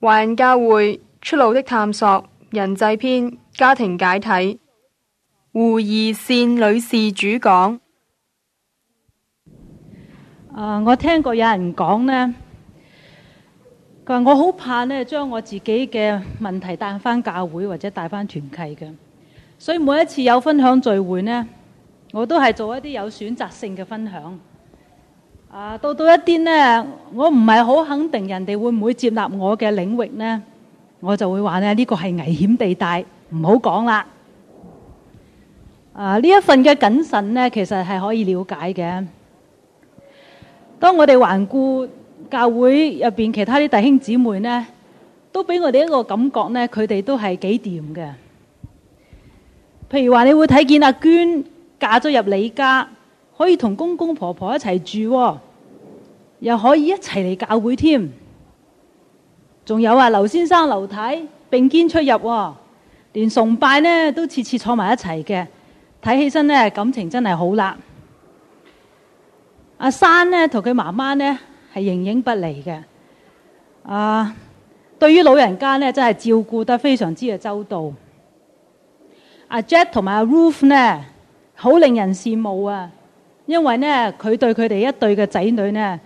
華人教會出路的探索，人際篇，家庭解體，胡怡蒨女士主講。呃，我聽過有人講呢，佢話，我好怕呢，將我自己嘅問題帶返教會或者帶返團契嘅，所以每一次有分享聚會呢，我都係做一啲有選擇性嘅分享。啊，到到一啲咧，我唔係好肯定人哋會唔會接納我嘅領域咧，我就會話咧，呢個係危險地帶，唔好講啦。啊，呢一份嘅謹慎咧，其實係可以了解嘅。當我哋環顧教會入邊其他啲弟兄姊妹咧，都俾我哋一個感覺咧，佢哋都係幾掂嘅。譬如話你會睇見阿娟嫁咗入你家，可以同公公婆婆一齊住哦，又可以一齊嚟教會添。仲有啊，劉先生、劉太並肩出入哦，連崇拜呢都次次坐埋一齊嘅，睇起身呢，感情真係好啦。阿珊呢，同佢媽媽呢，係形影不離嘅。啊，對於老人家呢，真係照顧得非常之嘅周到。阿 Jack 同埋阿 Ruth 呢，好令人羨慕啊！因為呢，佢對佢哋一對嘅仔女呢，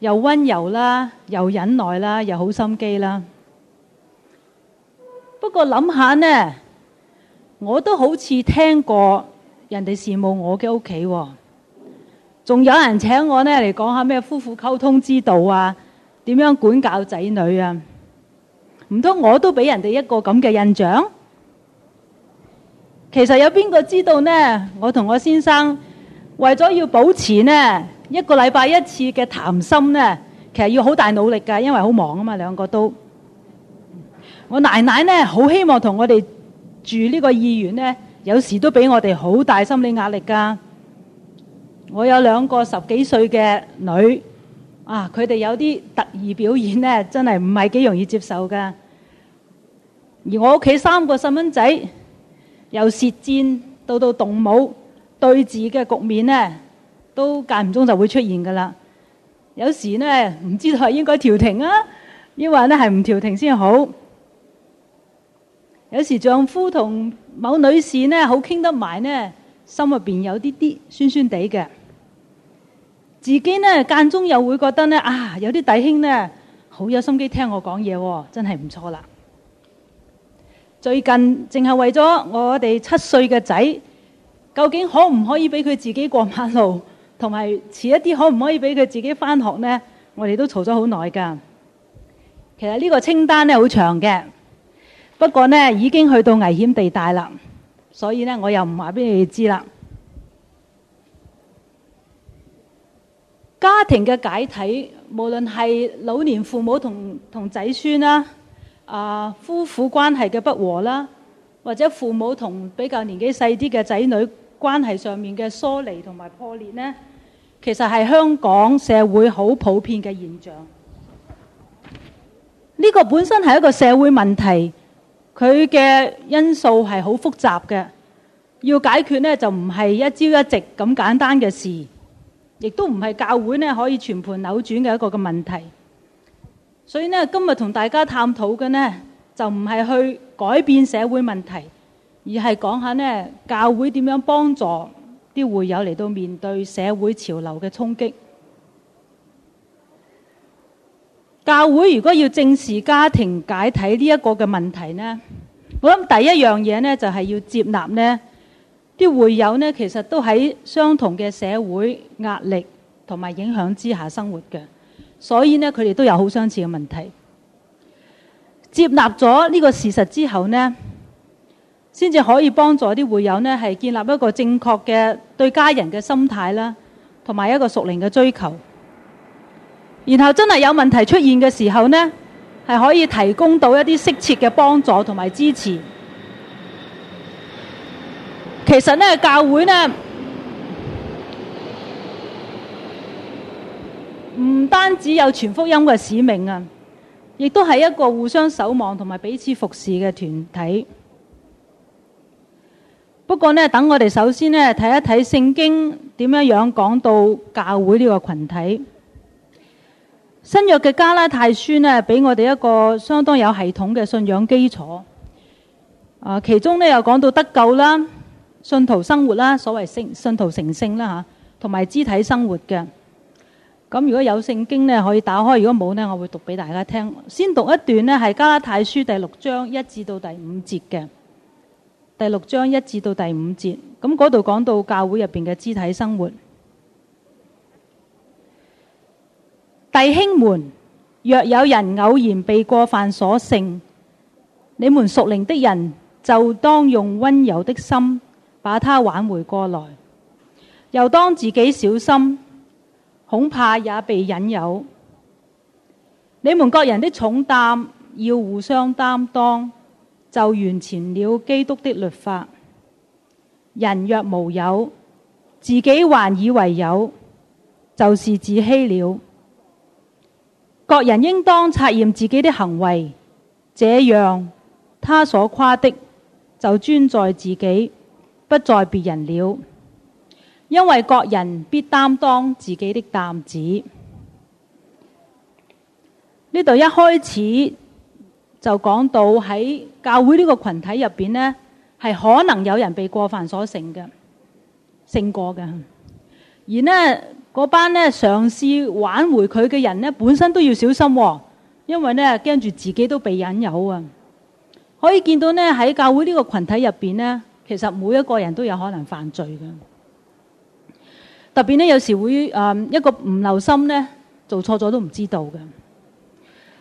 又溫柔啦，又忍耐啦，又好心機啦。不過諗下呢，我都好似聽過人哋羨慕我嘅屋企喎，仲有人請我呢嚟講下咩夫婦溝通之道啊，點樣管教仔女啊？唔通我都俾人哋一個咁嘅印象？其實有邊個知道呢？我同我先生。為咗要保持呢一個禮拜一次嘅談心呢，其實要好大努力噶，因為好忙啊嘛，兩個都。我奶奶呢，好希望同我哋住呢個意願呢，有時都俾我哋好大心理壓力噶。我有兩個十幾歲嘅女，啊，佢哋有啲特異表演呢，真係唔係幾容易接受噶。而我屋企三個細蚊仔，由舌戰到到動武。對峙嘅局面呢，都間唔中就會出現噶啦。有時呢，唔知道係應該調停啊，抑或呢係唔調停先好。有時丈夫同某女士呢，好傾得埋呢，心入邊有啲啲酸酸地嘅。自己呢，間中又會覺得呢，啊，有啲弟兄呢，好有心機聽我講嘢，哦，真係唔錯啦。最近淨係為咗我哋七歲嘅仔。究竟可唔可以俾佢自己過馬路？同埋遲一啲，可唔可以俾佢自己返學呢？我哋都嘈咗好耐噶。其實呢個清單咧好長嘅，不過呢已經去到危險地帶啦，所以呢，我又唔話俾你哋知啦。家庭嘅解體，無論係老年父母同同仔孫啦，啊夫婦關係嘅不和啦，或者父母同比較年紀細啲嘅仔女。關係上面嘅疏離同埋破裂呢，其實係香港社會好普遍嘅現象。呢個本身係一個社會問題，佢嘅因素係好複雜嘅，要解決呢就唔係一朝一夕咁簡單嘅事，亦都唔係教會呢可以全盤扭轉嘅一個嘅問題。所以呢，今日同大家探討嘅呢，就唔係去改變社會問題。而係講下呢，教會點樣幫助啲會友嚟到面對社會潮流嘅衝擊。教會如果要正視家庭解體呢一個嘅問題呢，我諗第一樣嘢呢，就係要接納呢啲會友呢，其實都喺相同嘅社會壓力同埋影響之下生活嘅，所以呢，佢哋都有好相似嘅問題。接納咗呢個事實之後呢，先至可以幫助啲會友呢，係建立一個正確嘅對家人嘅心態啦，同埋一個屬靈嘅追求。然後真係有問題出現嘅時候咧，係可以提供到一啲適切嘅幫助同埋支持。其實咧，教會呢，唔單止有傳福音嘅使命啊，亦都係一個互相守望同埋彼此服侍嘅團體。不過呢，等我哋首先呢睇一睇聖經點樣樣講到教會呢個群體。新約嘅加拉太書呢，俾我哋一個相當有系統嘅信仰基礎。啊，其中呢，又講到得救啦、信徒生活啦、所謂聖信，信徒成聖啦吓，同、啊、埋肢體生活嘅。咁如果有聖經呢，可以打開；如果冇呢，我會讀俾大家聽。先讀一段呢，係加拉太書第六章一至到第五節嘅。第六章一至到第五節，咁嗰度講到教會入邊嘅肢體生活。弟兄們，若有人偶然被過犯所勝，你們屬靈的人就當用溫柔的心把他挽回過來，又當自己小心，恐怕也被引誘。你們各人的重擔要互相擔當，就完全了基督的律法。人若無有，自己還以為有，就是自欺了。各人應當察驗自己的行為，這樣他所誇的就專在自己，不在別人了。因為各人必擔當自己的擔子。呢度一開始。就講到喺教會呢個群體入面呢，呢係可能有人被過犯所成嘅，勝過嘅。而呢嗰班呢，嘗試挽回佢嘅人呢，本身都要小心、哦，因為呢，驚住自己都被引誘啊。可以見到呢，喺教會呢個群體入面呢，其實每一個人都有可能犯罪嘅。特別呢，有時會誒、呃、一個唔留心呢，做錯咗都唔知道嘅。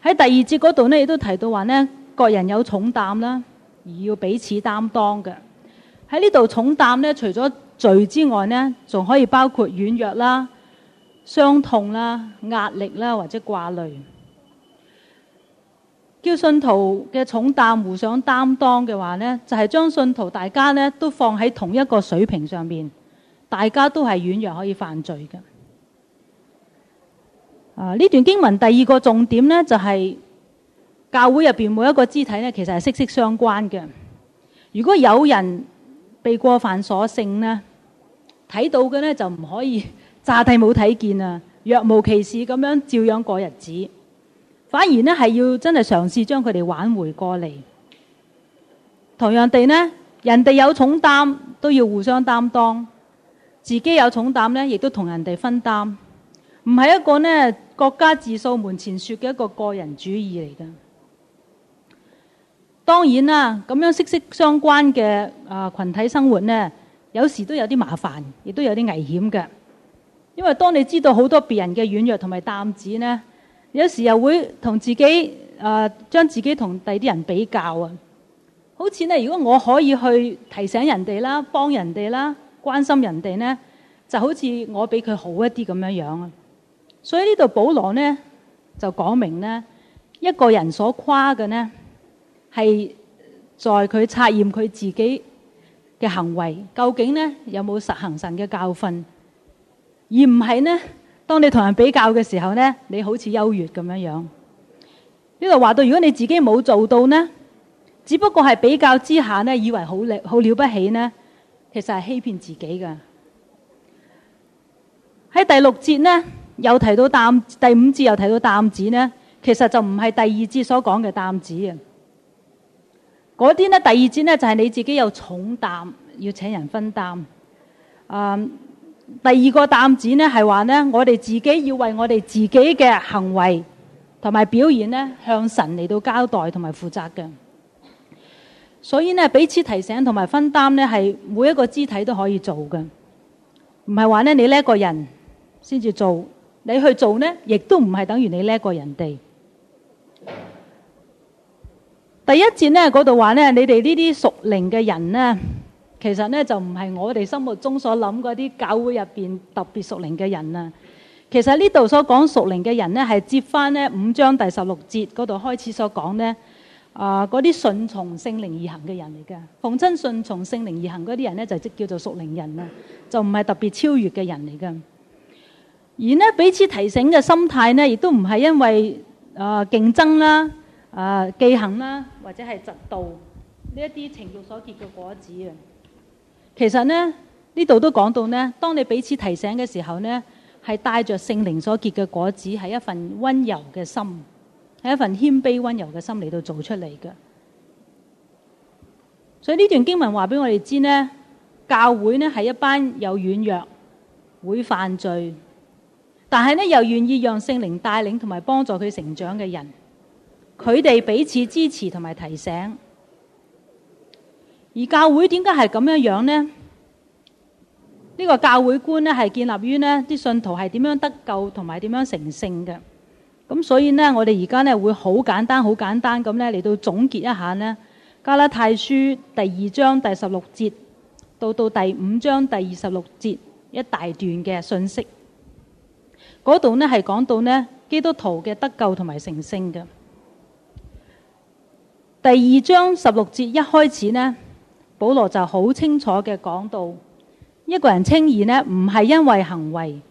喺第二節嗰度呢，亦都提到話呢，各人有重擔啦，而要彼此擔當嘅。喺呢度重擔呢，除咗罪之外呢，仲可以包括軟弱啦、傷痛啦、壓力啦或者掛慮。叫信徒嘅重擔互相擔當嘅話呢就係、是、將信徒大家呢都放喺同一個水平上面，大家都係軟弱可以犯罪嘅。啊！呢段經文第二個重點呢，就係、是、教會入邊每一個肢體呢，其實係息息相關嘅。如果有人被過犯所勝呢，呢睇到嘅呢，就唔可以詐諦冇睇見啊，若無其事咁樣照樣過日子，反而呢，係要真係嘗試將佢哋挽回過嚟。同樣地呢，人哋有重擔都要互相擔當，自己有重擔呢，亦都同人哋分擔，唔係一個呢。國家自掃門前雪嘅一個個人主義嚟㗎，當然啦、啊，咁樣息息相關嘅啊、呃、群體生活呢，有時都有啲麻煩，亦都有啲危險嘅。因為當你知道好多別人嘅軟弱同埋擔子呢，有時又會同自己啊，將、呃、自己同第啲人比較啊。好似呢，如果我可以去提醒人哋啦，幫人哋啦，關心人哋呢，就好似我比佢好一啲咁樣樣啊。所以呢度保羅呢就講明呢，一個人所誇嘅呢係在佢測驗佢自己嘅行為究竟呢有冇實行神嘅教訓，而唔係呢，當你同人比較嘅時候呢你好似優越咁樣樣。呢度話到如果你自己冇做到呢，只不過係比較之下呢以為好叻好了不起呢，其實係欺騙自己㗎。喺第六節呢。又提到擔，第五節又提到擔子呢，其實就唔係第二節所講嘅擔子啊！嗰啲呢，第二節呢，就係、是、你自己有重擔要請人分擔。啊、嗯，第二個擔子呢，係話呢，我哋自己要為我哋自己嘅行為同埋表現呢，向神嚟到交代同埋負責嘅。所以呢，彼此提醒同埋分擔呢，係每一個肢體都可以做嘅，唔係話呢，你呢一個人先至做。你去做呢，亦都唔係等於你叻過人哋。第一節呢，嗰度話呢，你哋呢啲屬靈嘅人呢，其實呢就唔係我哋心目中所諗嗰啲教會入邊特別屬靈嘅人啊。其實呢度所講屬靈嘅人呢，係接翻呢五章第十六節嗰度開始所講呢啊，嗰啲順從聖靈而行嘅人嚟噶。逢親順從聖靈而行嗰啲人呢，就即叫做屬靈人啦，就唔係特別超越嘅人嚟噶。而呢彼此提醒嘅心態呢，亦都唔係因為誒競、呃、爭啦、誒記恨啦，或者係嫉妒呢一啲情欲所結嘅果子啊。其實呢，呢度都講到呢：當你彼此提醒嘅時候呢，係帶着聖靈所結嘅果子，係一份温柔嘅心，係一份謙卑温柔嘅心嚟到做出嚟嘅。所以呢段經文話俾我哋知呢，教會呢，係一班有軟弱、會犯罪。但係咧，又願意讓聖靈帶領同埋幫助佢成長嘅人，佢哋彼此支持同埋提醒。而教會點解係咁樣樣呢？呢、呢個教會觀咧係建立於呢啲信徒係點樣得救同埋點樣成聖嘅。咁所以呢，我哋而家咧會好簡單、好簡單咁咧嚟到總結一下呢《加拉太書》第二章第十六節到到第五章第二十六節一大段嘅信息。嗰度呢係講到呢基督徒嘅得救同埋成聖嘅。第二章十六節一開始呢，保羅就好清楚嘅講到，一個人稱義呢唔係因為行為，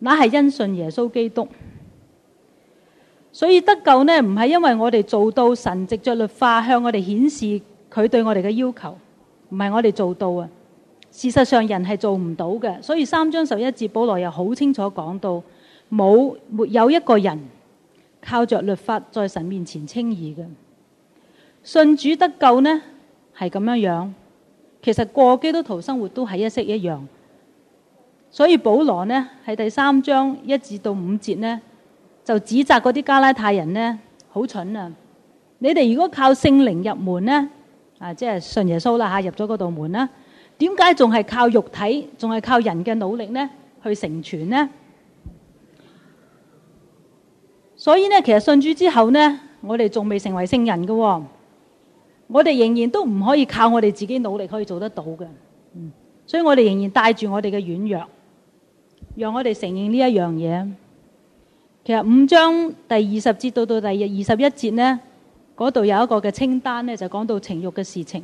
那係因信耶穌基督。所以得救呢唔係因為我哋做到神藉着律法向我哋顯示佢對我哋嘅要求，唔係我哋做到啊。事實上，人係做唔到嘅，所以三章十一節，保羅又好清楚講到，冇，沒有一個人靠着律法在神面前稱義嘅。信主得救呢，係咁樣樣。其實過基督徒生活都係一式一樣。所以保羅呢，喺第三章一至到五節呢，就指責嗰啲加拉太人呢，好蠢啊！你哋如果靠聖靈入門呢，啊，即係信耶穌啦嚇，入咗嗰道門啦。點解仲係靠肉體，仲係靠人嘅努力呢？去成全呢？所以呢，其實信主之後呢，我哋仲未成為聖人㗎喎。我哋仍然都唔可以靠我哋自己努力可以做得到嘅。所以我哋仍然帶住我哋嘅軟弱，讓我哋承認呢一樣嘢。其實五章第二十節到到第二十一節呢，嗰度有一個嘅清單呢，就講到情欲嘅事情。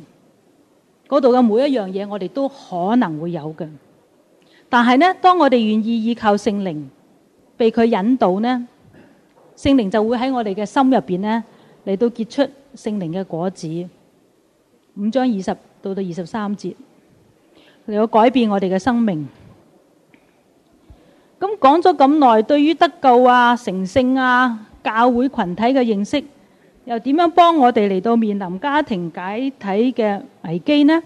嗰度嘅每一樣嘢，我哋都可能會有嘅。但係呢，當我哋願意依靠聖靈，被佢引導呢，聖靈就會喺我哋嘅心入邊呢，嚟到結出聖靈嘅果子。五章二十到到二十三節，嚟到改變我哋嘅生命。咁講咗咁耐，對於得救啊、成聖啊、教會群體嘅認識。又點樣幫我哋嚟到面臨家庭解體嘅危機呢？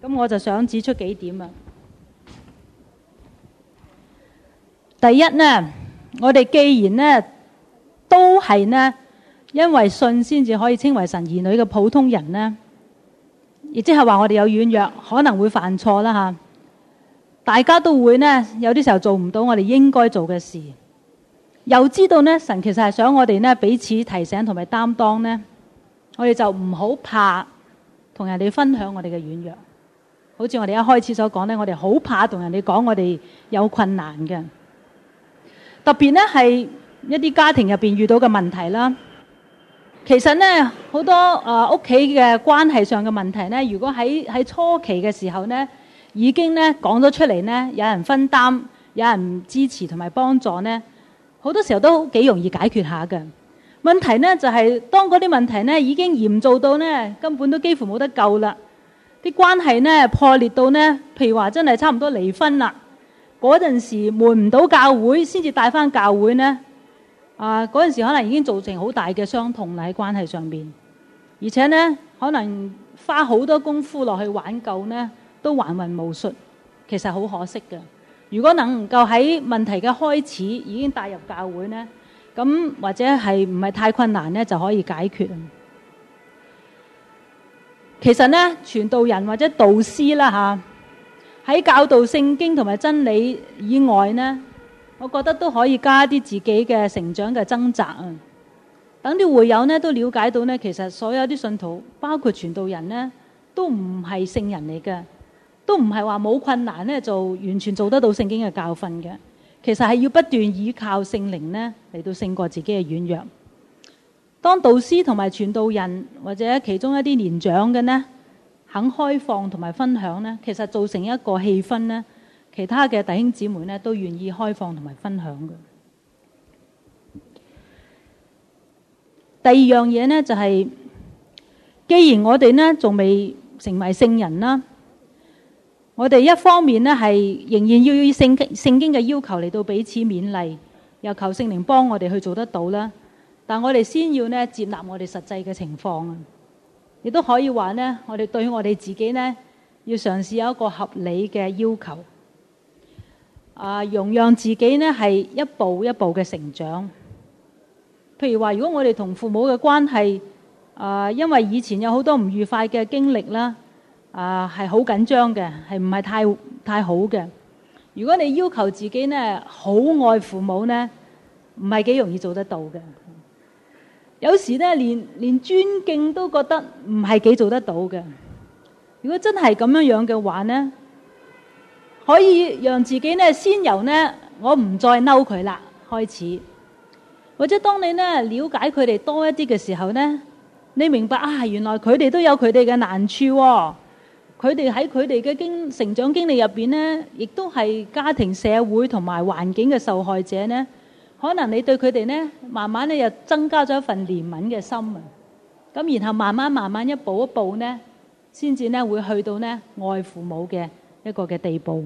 咁我就想指出幾點啊。第一呢，我哋既然呢都係呢，因為信先至可以稱為神兒女嘅普通人呢，亦即係話我哋有軟弱，可能會犯錯啦嚇。大家都會呢，有啲時候做唔到我哋應該做嘅事。又知道咧，神其實係想我哋咧彼此提醒同埋擔當咧，我哋就唔好怕同人哋分享我哋嘅軟弱。好似我哋一開始所講咧，我哋好怕同人哋講我哋有困難嘅，特別咧係一啲家庭入邊遇到嘅問題啦。其實咧好多誒屋企嘅關係上嘅問題咧，如果喺喺初期嘅時候咧，已經咧講咗出嚟咧，有人分擔，有人支持同埋幫助咧。好多時候都幾容易解決一下嘅問題呢，就係當嗰啲問題呢已經嚴重到呢，根本都幾乎冇得救啦。啲關係呢破裂到呢，譬如話真係差唔多離婚啦。嗰陣時瞞唔到教會，先至帶翻教會呢。啊，嗰陣時候可能已經造成好大嘅傷痛啦喺關係上面，而且呢可能花好多功夫落去挽救呢，都還魂無術，其實好可惜嘅。如果能夠喺問題嘅開始已經帶入教會呢，咁或者係唔係太困難呢，就可以解決。其實呢，傳道人或者導師啦吓，喺教導聖經同埋真理以外呢，我覺得都可以加啲自己嘅成長嘅掙扎啊。等啲會友呢都了解到呢，其實所有啲信徒，包括傳道人呢，都唔係聖人嚟嘅。都唔係話冇困難呢，就完全做得到聖經嘅教訓嘅。其實係要不斷依靠聖靈呢，嚟到勝過自己嘅軟弱。當導師同埋傳道人或者其中一啲年長嘅呢，肯開放同埋分享呢，其實造成一個氣氛呢，其他嘅弟兄姊妹呢，都願意開放同埋分享嘅。第二樣嘢呢，就係、是，既然我哋呢仲未成為聖人啦。我哋一方面呢，係仍然要以聖經聖經嘅要求嚟到彼此勉勵，又求聖靈幫我哋去做得到啦。但我哋先要呢，接納我哋實際嘅情況啊，亦都可以話呢，我哋對我哋自己呢，要嘗試有一個合理嘅要求，啊容讓自己呢，係一步一步嘅成長。譬如話，如果我哋同父母嘅關係啊，因為以前有好多唔愉快嘅經歷啦。啊，係好緊張嘅，係唔係太太好嘅？如果你要求自己呢，好愛父母呢，唔係幾容易做得到嘅。有時呢連，連尊敬都覺得唔係幾做得到嘅。如果真係咁樣樣嘅話呢，可以讓自己呢，先由呢，我唔再嬲佢啦開始。或者當你呢，了解佢哋多一啲嘅時候呢，你明白啊，原來佢哋都有佢哋嘅難處哦。佢哋喺佢哋嘅經成長經歷入邊呢，亦都係家庭、社會同埋環境嘅受害者呢。可能你對佢哋呢，慢慢咧又增加咗一份憐憫嘅心啊。咁然後慢慢慢慢一步一步呢，先至呢會去到呢愛父母嘅一個嘅地步。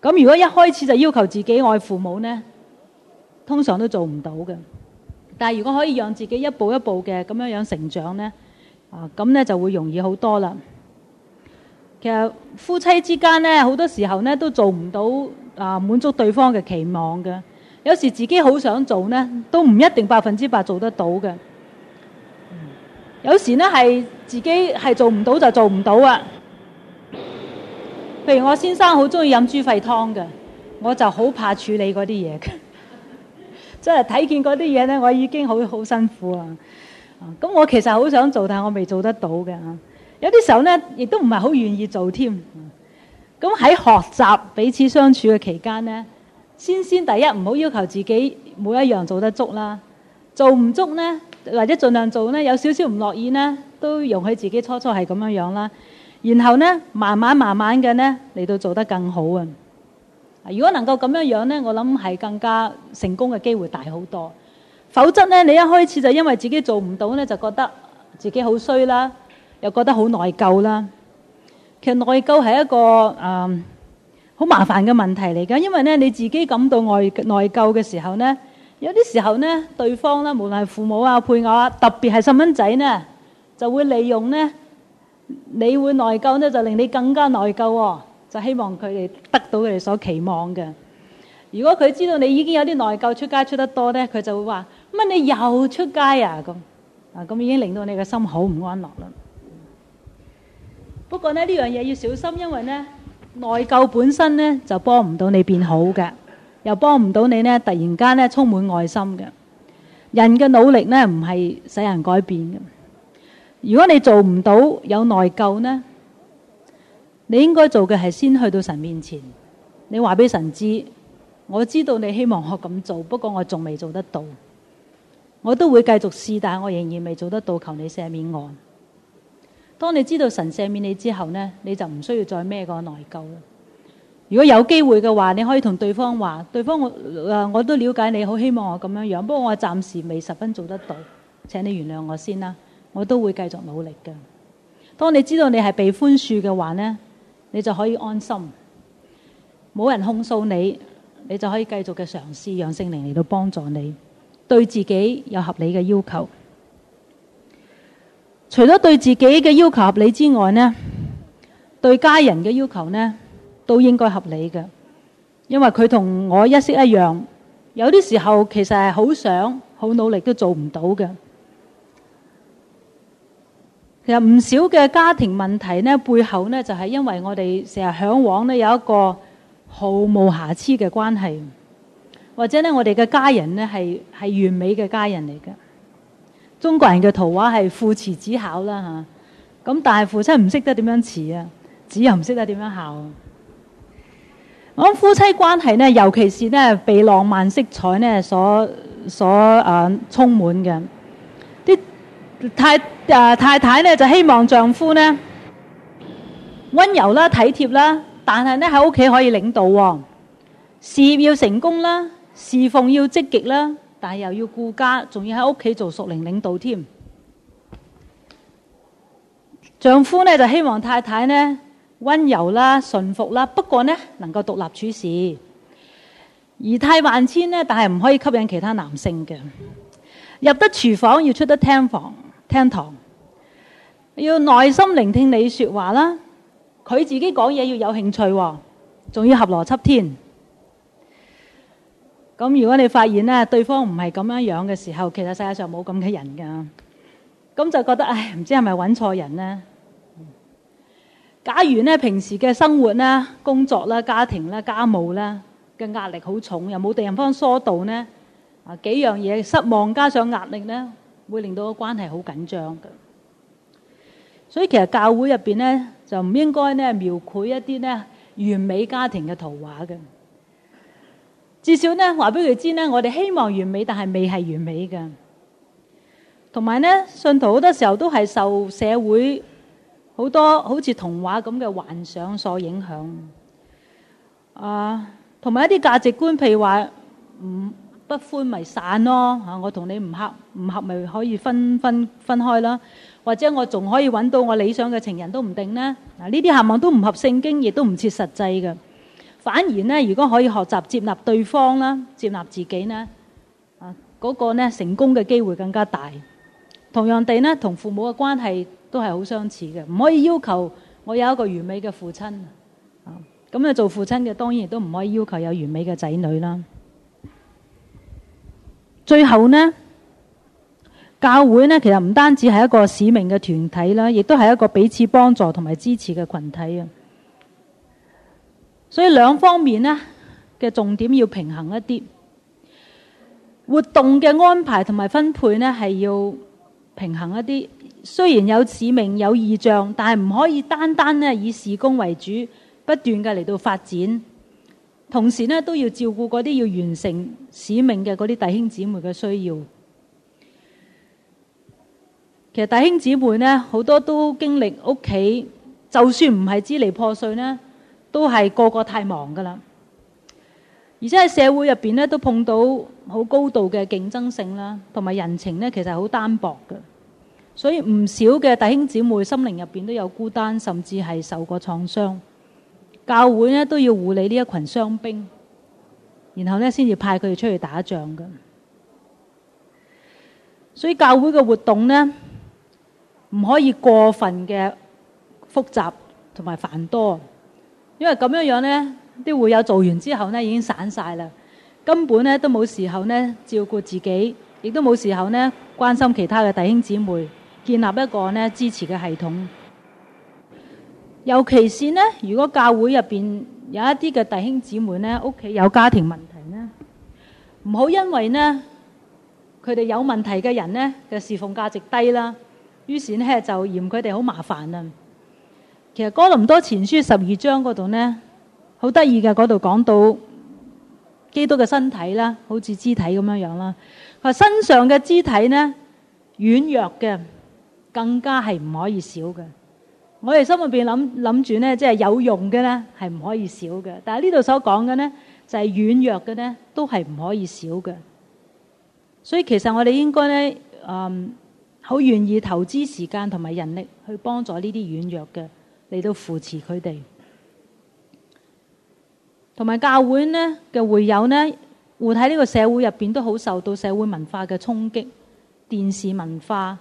咁如果一開始就要求自己愛父母呢，通常都做唔到嘅。但係如果可以讓自己一步一步嘅咁樣樣成長呢，啊咁呢就會容易好多啦。其實夫妻之間咧，好多時候咧都做唔到啊，滿足對方嘅期望嘅。有時自己好想做呢，都唔一定百分之百做得到嘅，嗯。有時呢，係自己係做唔到就做唔到啊。譬如我先生好中意飲豬肺湯嘅，我就好怕處理嗰啲嘢嘅。 真係睇見嗰啲嘢呢，我已經好好辛苦啊。咁我其實好想做，但係我未做得到嘅。有啲時候咧，亦都唔係好願意做添。咁喺學習彼此相處嘅期間呢，先先第一唔好要求自己每一樣做得足啦。做唔足呢，或者盡量做呢，有少少唔樂意呢，都容許自己初初係咁樣樣啦。然後呢，慢慢慢慢嘅呢，嚟到做得更好啊！如果能夠咁樣樣呢，我諗係更加成功嘅機會大好多。否則呢，你一開始就因為自己做唔到呢，就覺得自己好衰啦。又覺得好內疚啦。其實內疚係一個誒好、嗯、麻煩嘅問題嚟㗎，因為呢你自己感到內、內疚嘅時候呢有啲時候呢，對方啦，無論係父母啊、配偶啊，特別係細蚊仔呢，就會利用呢：「你會內疚呢，就令你更加內疚喎、哦，就希望佢哋得到佢哋所期望嘅。」如果佢知道你已經有啲內疚，出街出得多呢，佢就會話：乜你又出街啊？咁啊咁已經令到你嘅心好唔安樂啦。不過呢呢樣嘢要小心，因為呢內疚本身呢就幫唔到你變好嘅，又幫唔到你呢突然間呢充滿愛心嘅。人嘅努力呢唔係使人改變嘅。如果你做唔到有內疚呢，你應該做嘅係先去到神面前，你話俾神知，我知道你希望我咁做，不過我仲未做得到，我都會繼續試，但我仍然未做得到，求你赦免我。當你知道神赦免你之後呢，你就唔需要再孭個內疚了。如果有機會嘅話，你可以同對，對方話：對方我我都了解你好，希望我咁樣樣，不過我暫時未十分做得到。請你原諒我先啦，我都會繼續努力嘅。當你知道你係被寬恕嘅話呢，你就可以安心，冇人控訴你，你就可以繼續嘅嘗試，讓聖靈嚟到幫助你，對自己有合理嘅要求。除咗對自己嘅要求合理之外呢，呢對家人嘅要求呢都應該合理嘅，因為佢同我一式一樣，有啲時候其實係好想、好努力都做唔到嘅。其實唔少嘅家庭問題呢背後呢，就係因為我哋成日嚮往呢有一個毫無瑕疵嘅關係，或者呢我哋嘅家人呢係係完美嘅家人嚟嘅。中國人嘅圖畫係父慈子孝啦嚇，咁但係父親唔識得點樣慈啊，子又唔識得點樣孝。我夫妻關係呢，尤其是呢被浪漫色彩呢所所啊充滿嘅。啲太啊太太呢就希望丈夫呢温柔啦、體貼啦，但係呢，喺屋企可以領導喎，事業要成功啦，侍奉要積極啦。但係又要顧家，仲要喺屋企做屬靈領導添。丈夫呢，就希望太太呢，溫柔啦、順服啦，不過呢，能夠獨立處事。儀態萬千呢，但係唔可以吸引其他男性嘅。入得廚房要出得廳房廳堂，要耐心聆聽你說話啦。佢自己講嘢要有興趣，喎，仲要合邏輯添。咁如果你發現咧對方唔係咁樣樣嘅時候，其實世界上冇咁嘅人噶，咁就覺得，唉，唔知係咪揾錯人咧？假如咧平時嘅生活啦、工作啦、家庭啦、家務啦嘅壓力好重，又冇地方疏導咧，啊，幾樣嘢失望加上壓力咧，會令到個關係好緊張噶。所以其實教會入邊咧就唔應該咧描繪一啲咧完美家庭嘅圖畫嘅。至少呢，話俾佢知呢，我哋希望完美，但係未係完美嘅。同埋呢，信徒好多時候都係受社會好多好似童話咁嘅幻想所影響。啊，同埋一啲價值觀，譬如話唔不，不歡咪散咯，吓、啊、我同你唔合唔合咪可以分分分開啦，或者我仲可以揾到我理想嘅情人都唔定呢。嗱呢啲向往都唔合聖經，亦都唔切實際嘅。反而呢，如果可以學習接納對方啦，接納自己呢，啊、那、嗰個呢，成功嘅機會更加大。同樣地呢，同父母嘅關係都係好相似嘅，唔可以要求我有一個完美嘅父親，啊，咁啊，做父親嘅當然亦都唔可以要求有完美嘅仔女啦。最後呢，教會呢，其實唔單止係一個使命嘅團體啦，亦都係一個彼此幫助同埋支持嘅群體啊。所以兩方面呢嘅重點要平衡一啲，活動嘅安排同埋分配呢係要平衡一啲。雖然有使命有異象，但係唔可以單單以事工為主，不斷嘅嚟到發展。同時呢，都要照顧嗰啲要完成使命嘅嗰啲弟兄姊妹嘅需要。其實弟兄姊妹呢，好多都經歷屋企，就算唔係支離破碎呢。都係個個太忙噶啦，而且喺社會入面咧都碰到好高度嘅競爭性啦，同埋人情咧其實好單薄㗎，所以唔少嘅弟兄姊妹心靈入面都有孤單，甚至係受過創傷。教會咧都要護理呢一群傷兵，然後咧先至派佢哋出去打仗㗎。所以教會嘅活動咧唔可以過分嘅複雜同埋繁多。因為咁樣樣呢，啲會友做完之後呢，已經散晒啦，根本呢都冇時候呢照顧自己，亦都冇時候呢關心其他嘅弟兄姊妹，建立一個呢支持嘅系統。尤其是呢，如果教會入邊有一啲嘅弟兄姊妹呢，屋企有家庭問題呢，唔好因為呢，佢哋有問題嘅人呢，嘅侍奉價值低啦，於是呢，就嫌佢哋好麻煩啊。其實《哥林多前書》十二章嗰度咧，好得意嘅。嗰度講到基督嘅身體啦，好似肢體咁樣樣啦。佢身上嘅肢體咧，軟弱嘅更加係唔可以少嘅。我哋心入邊諗諗住咧，即係有用嘅咧係唔可以少嘅。但係呢度所講嘅咧，就係、是、軟弱嘅咧都係唔可以少嘅。所以其實我哋應該咧，嗯，好願意投資時間同埋人力去幫助呢啲軟弱嘅。嚟到扶持佢哋，同埋教會呢嘅會友呢，會喺呢個社會入邊都好受到社會文化嘅衝擊，電視文化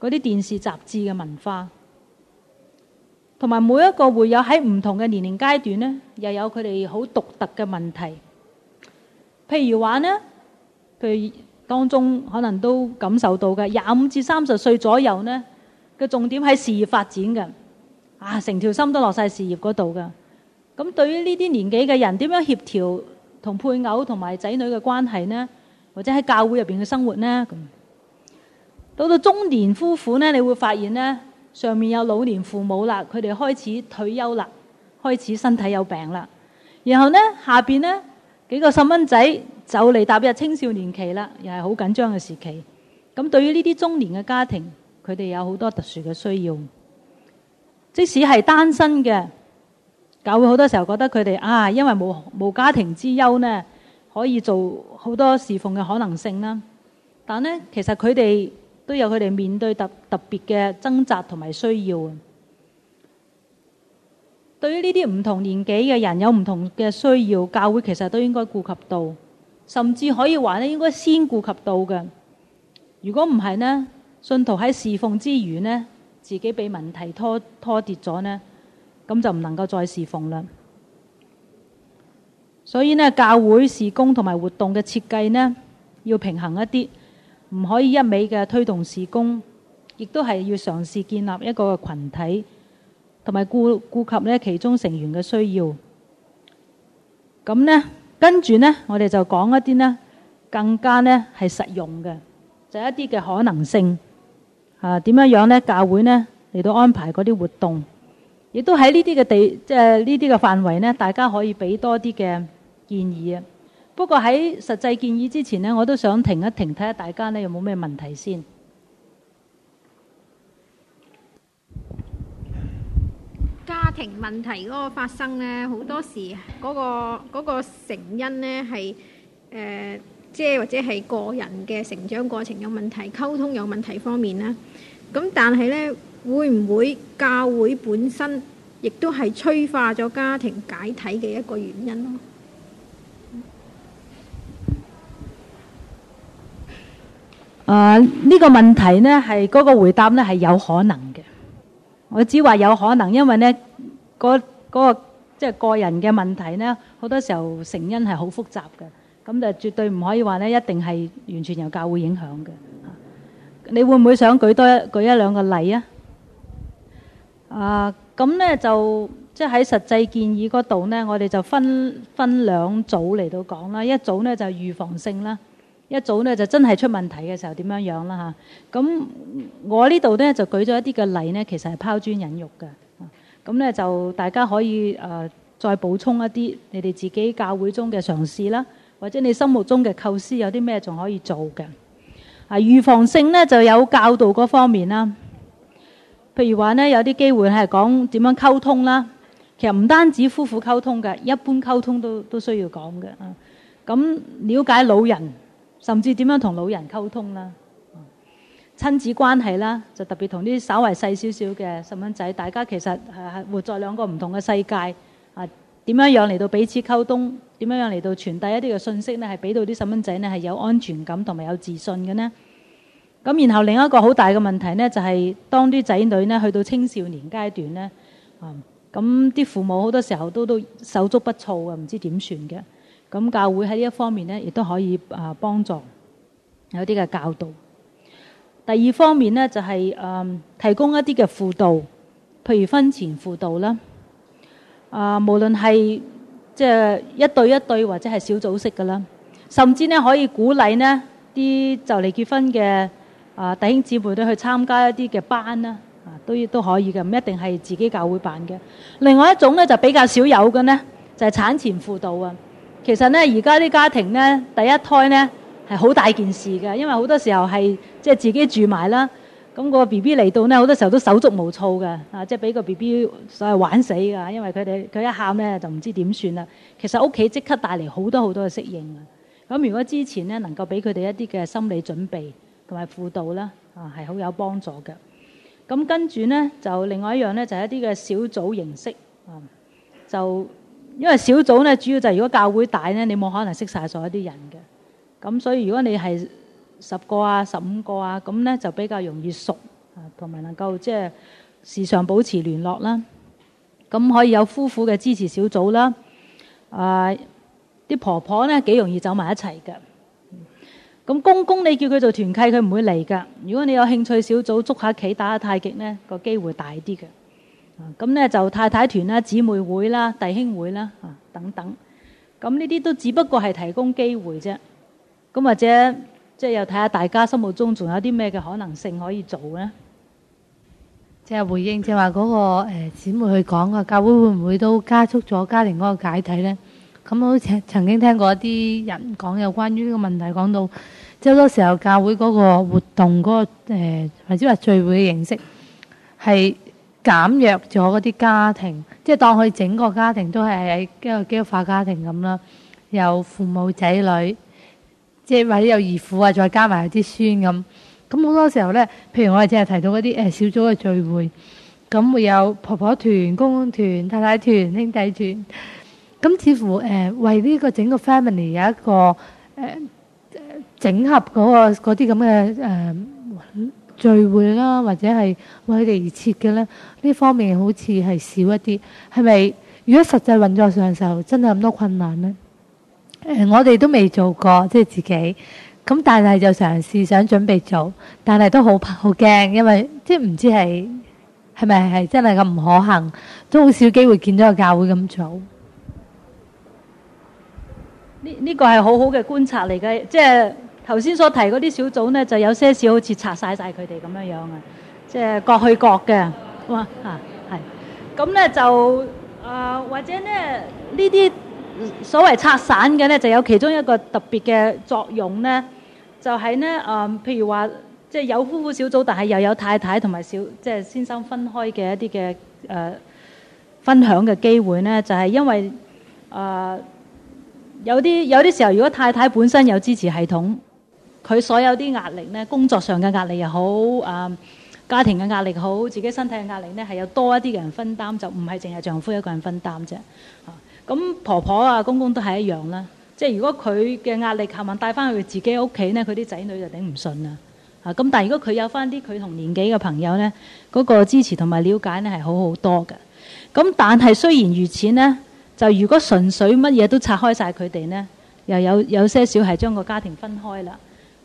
嗰啲電視雜誌嘅文化，同埋每一個會友喺唔同嘅年齡階段呢，又有佢哋好獨特嘅問題。譬如話呢，譬如當中可能都感受到嘅廿五至三十歲左右呢，嘅重點喺事業發展嘅。啊！成條心都落晒事業嗰度㗎，咁對於呢啲年紀嘅人，點樣協調同配偶同埋仔女嘅關係呢？或者喺教會入邊嘅生活呢？咁到到中年夫婦呢，你會發現呢，上面有老年父母啦，佢哋開始退休啦，開始身體有病啦，然後呢，下邊呢幾個細蚊仔就嚟踏入青少年期啦，又係好緊張嘅時期。咁對於呢啲中年嘅家庭，佢哋有好多特殊嘅需要。即使係單身嘅教會，好多時候覺得佢哋啊，因為冇冇家庭之憂呢，可以做好多侍奉嘅可能性啦。但呢，其實佢哋都有佢哋面對特特別嘅掙扎同埋需要。對於呢啲唔同年紀嘅人，有唔同嘅需要，教會其實都應該顧及到，甚至可以話呢，應該先顧及到嘅。如果唔係呢，信徒喺侍奉之餘呢，自己被問題拖拖跌咗呢，咁就唔能夠再侍奉啦。所以呢，教會事工同埋活動嘅設計呢，要平衡一啲，唔可以一味嘅推動事工，亦都係要嘗試建立一個羣體，同埋顧顧及呢其中成員嘅需要。咁呢，跟住呢，我哋就講一啲呢更加呢係實用嘅，就一啲嘅可能性。啊，點樣樣呢？教會呢，嚟到安排嗰啲活動，亦都喺呢啲嘅地，即係呢啲嘅範圍呢，大家可以俾多啲嘅建議啊。不過喺實際建議之前呢，我都想停一停，睇下大家呢有冇咩問題先。家庭問題嗰個發生呢，好多時嗰個嗰個成因呢係誒。呃即係或者係個人嘅成長過程有問題、溝通有問題方面咧，咁但係咧會唔會教會本身亦都係催化咗家庭解體嘅一個原因咯？誒，呢個問題咧係嗰個回答咧係有可能嘅，我只話有可能，因為咧嗰嗰個即係個人嘅問題咧，好多時候成因係好複雜嘅。咁就絕對唔可以話呢，一定係完全由教會影響嘅。你會唔會想舉多一舉一兩個例啊？啊，咁呢就即喺實際建議嗰度呢，我哋就分分兩組嚟到講啦。一組呢就預防性啦，一組呢就真係出問題嘅時候點樣樣啦嚇。咁我呢度呢就舉咗一啲嘅例呢，其實係拋磚引玉嘅。咁呢就大家可以誒再補充一啲你哋自己教會中嘅嘗試啦。或者你心目中嘅構思有啲咩仲可以做嘅？啊，預防性咧就有教導嗰方面啦。譬如話咧，有啲機會係講點樣溝通啦。其實唔單止夫婦溝通嘅，一般溝通都都需要講嘅。啊，咁了解老人，甚至點樣同老人溝通啦，啊，親子關係啦，就特別同啲稍為細少少嘅細蚊仔，大家其實係係，啊，活在兩個唔同嘅世界啊。點樣樣嚟到彼此溝通？點樣樣嚟到傳遞一啲嘅信息呢係俾到啲細蚊仔呢係有安全感同埋有自信嘅呢？咁然後另一個好大嘅問題呢，就係當啲仔女呢去到青少年階段呢，啊咁啲父母好多時候都都手足不措嘅，唔知點算嘅。咁教會喺呢一方面呢，亦都可以啊幫助有啲嘅教導。第二方面呢，就係啊提供一啲嘅輔導，譬如婚前輔導啦。啊，無論係即係一對一對或者係小組式噶啦，甚至呢可以鼓勵呢啲就嚟結婚嘅啊弟兄姊妹都去參加一啲嘅班啦，啊都都可以嘅，唔一定係自己教會辦嘅。另外一種呢就比較少有嘅呢，就係產前輔導啊。其實呢，而家啲家庭呢，第一胎呢係好大件事嘅，因為好多時候係即係自己住埋啦。咁個 B B 嚟到咧，好多時候都手足無措嘅，啊，即係俾個 B B 所謂玩死㗎，因為佢哋佢一喊咧就唔知點算啦。其實屋企即刻帶嚟好多好多嘅適應。咁如果之前咧能夠俾佢哋一啲嘅心理準備同埋輔導啦，啊係好有幫助嘅。咁跟住咧就另外一樣咧就係一啲嘅小組形式啊，就因為小組咧主要就係如果教會大咧，你冇可能識晒所有啲人嘅。咁所以如果你係十個啊，十五個啊，咁呢就比較容易熟，啊，同埋能夠即係時常保持聯絡啦。咁可以有夫婦嘅支持小組啦，啊，啲婆婆呢幾容易走埋一齊嘅。咁公公你叫佢做團契，佢唔會嚟噶。如果你有興趣小組捉下棋、打下太極呢，個機會大啲嘅。咁呢就太太團啦、姊妹會啦、弟兄會啦啊等等。咁呢啲都只不過係提供機會啫。咁或者。即係又睇下大家心目中仲有啲咩嘅可能性可以做咧？即係回應即係話嗰個誒姊妹去講個教會會唔會都加速咗家庭嗰個解體咧？咁好似曾經聽過一啲人講有關於呢個問題，講到即係好多時候教會嗰個活動嗰個誒或者話聚會嘅形式係減弱咗嗰啲家庭，即係當佢整個家庭都係喺一個基督化家庭咁啦，有父母仔女。即係或者有姨父啊，再加埋啲孫咁，咁好多時候咧，譬如我哋淨係提到嗰啲誒小組嘅聚會，咁會有婆婆團、公公團、太太團、兄弟團，咁似乎誒、呃、為呢個整個 family 有一個誒、呃、整合嗰個嗰啲咁嘅誒聚會啦，或者係為佢哋而設嘅咧，呢方面好似係少一啲，係咪？如果實際運作上嘅時候，真係咁多困難咧？誒，我哋都未做過，即係自己咁，但係就嘗試想準備做，但係都好怕、好驚，因為即係唔知係係咪係真係咁唔可行，都好少機會見到個教會咁做。呢呢個係好好嘅觀察嚟嘅，即係頭先所提嗰啲小組咧，就有些少好似拆曬曬佢哋咁樣樣啊，即係各去各嘅，哇啊，係咁咧就啊，或者咧呢啲。所謂拆散嘅呢，就有其中一個特別嘅作用呢，就係、是、呢。誒、呃，譬如話即係有夫婦小組，但係又有太太同埋小即係、就是、先生分開嘅一啲嘅誒分享嘅機會呢，就係、是、因為誒、呃、有啲有啲時候，如果太太本身有支持系統，佢所有啲壓力呢，工作上嘅壓力又好，誒、呃、家庭嘅壓力好，自己身體嘅壓力呢，係有多一啲嘅人分擔，就唔係淨係丈夫一個人分擔啫。啊。咁婆婆啊公公都係一樣啦，即係如果佢嘅壓力冚唪唥帶翻去自己屋企呢，佢啲仔女就頂唔順啦。啊，咁但係如果佢有翻啲佢同年紀嘅朋友呢，嗰、嗰個支持同埋了解呢係好好多嘅。咁、啊、但係雖然如此呢，就如果純粹乜嘢都拆開曬佢哋呢，又有有些少係將個家庭分開啦。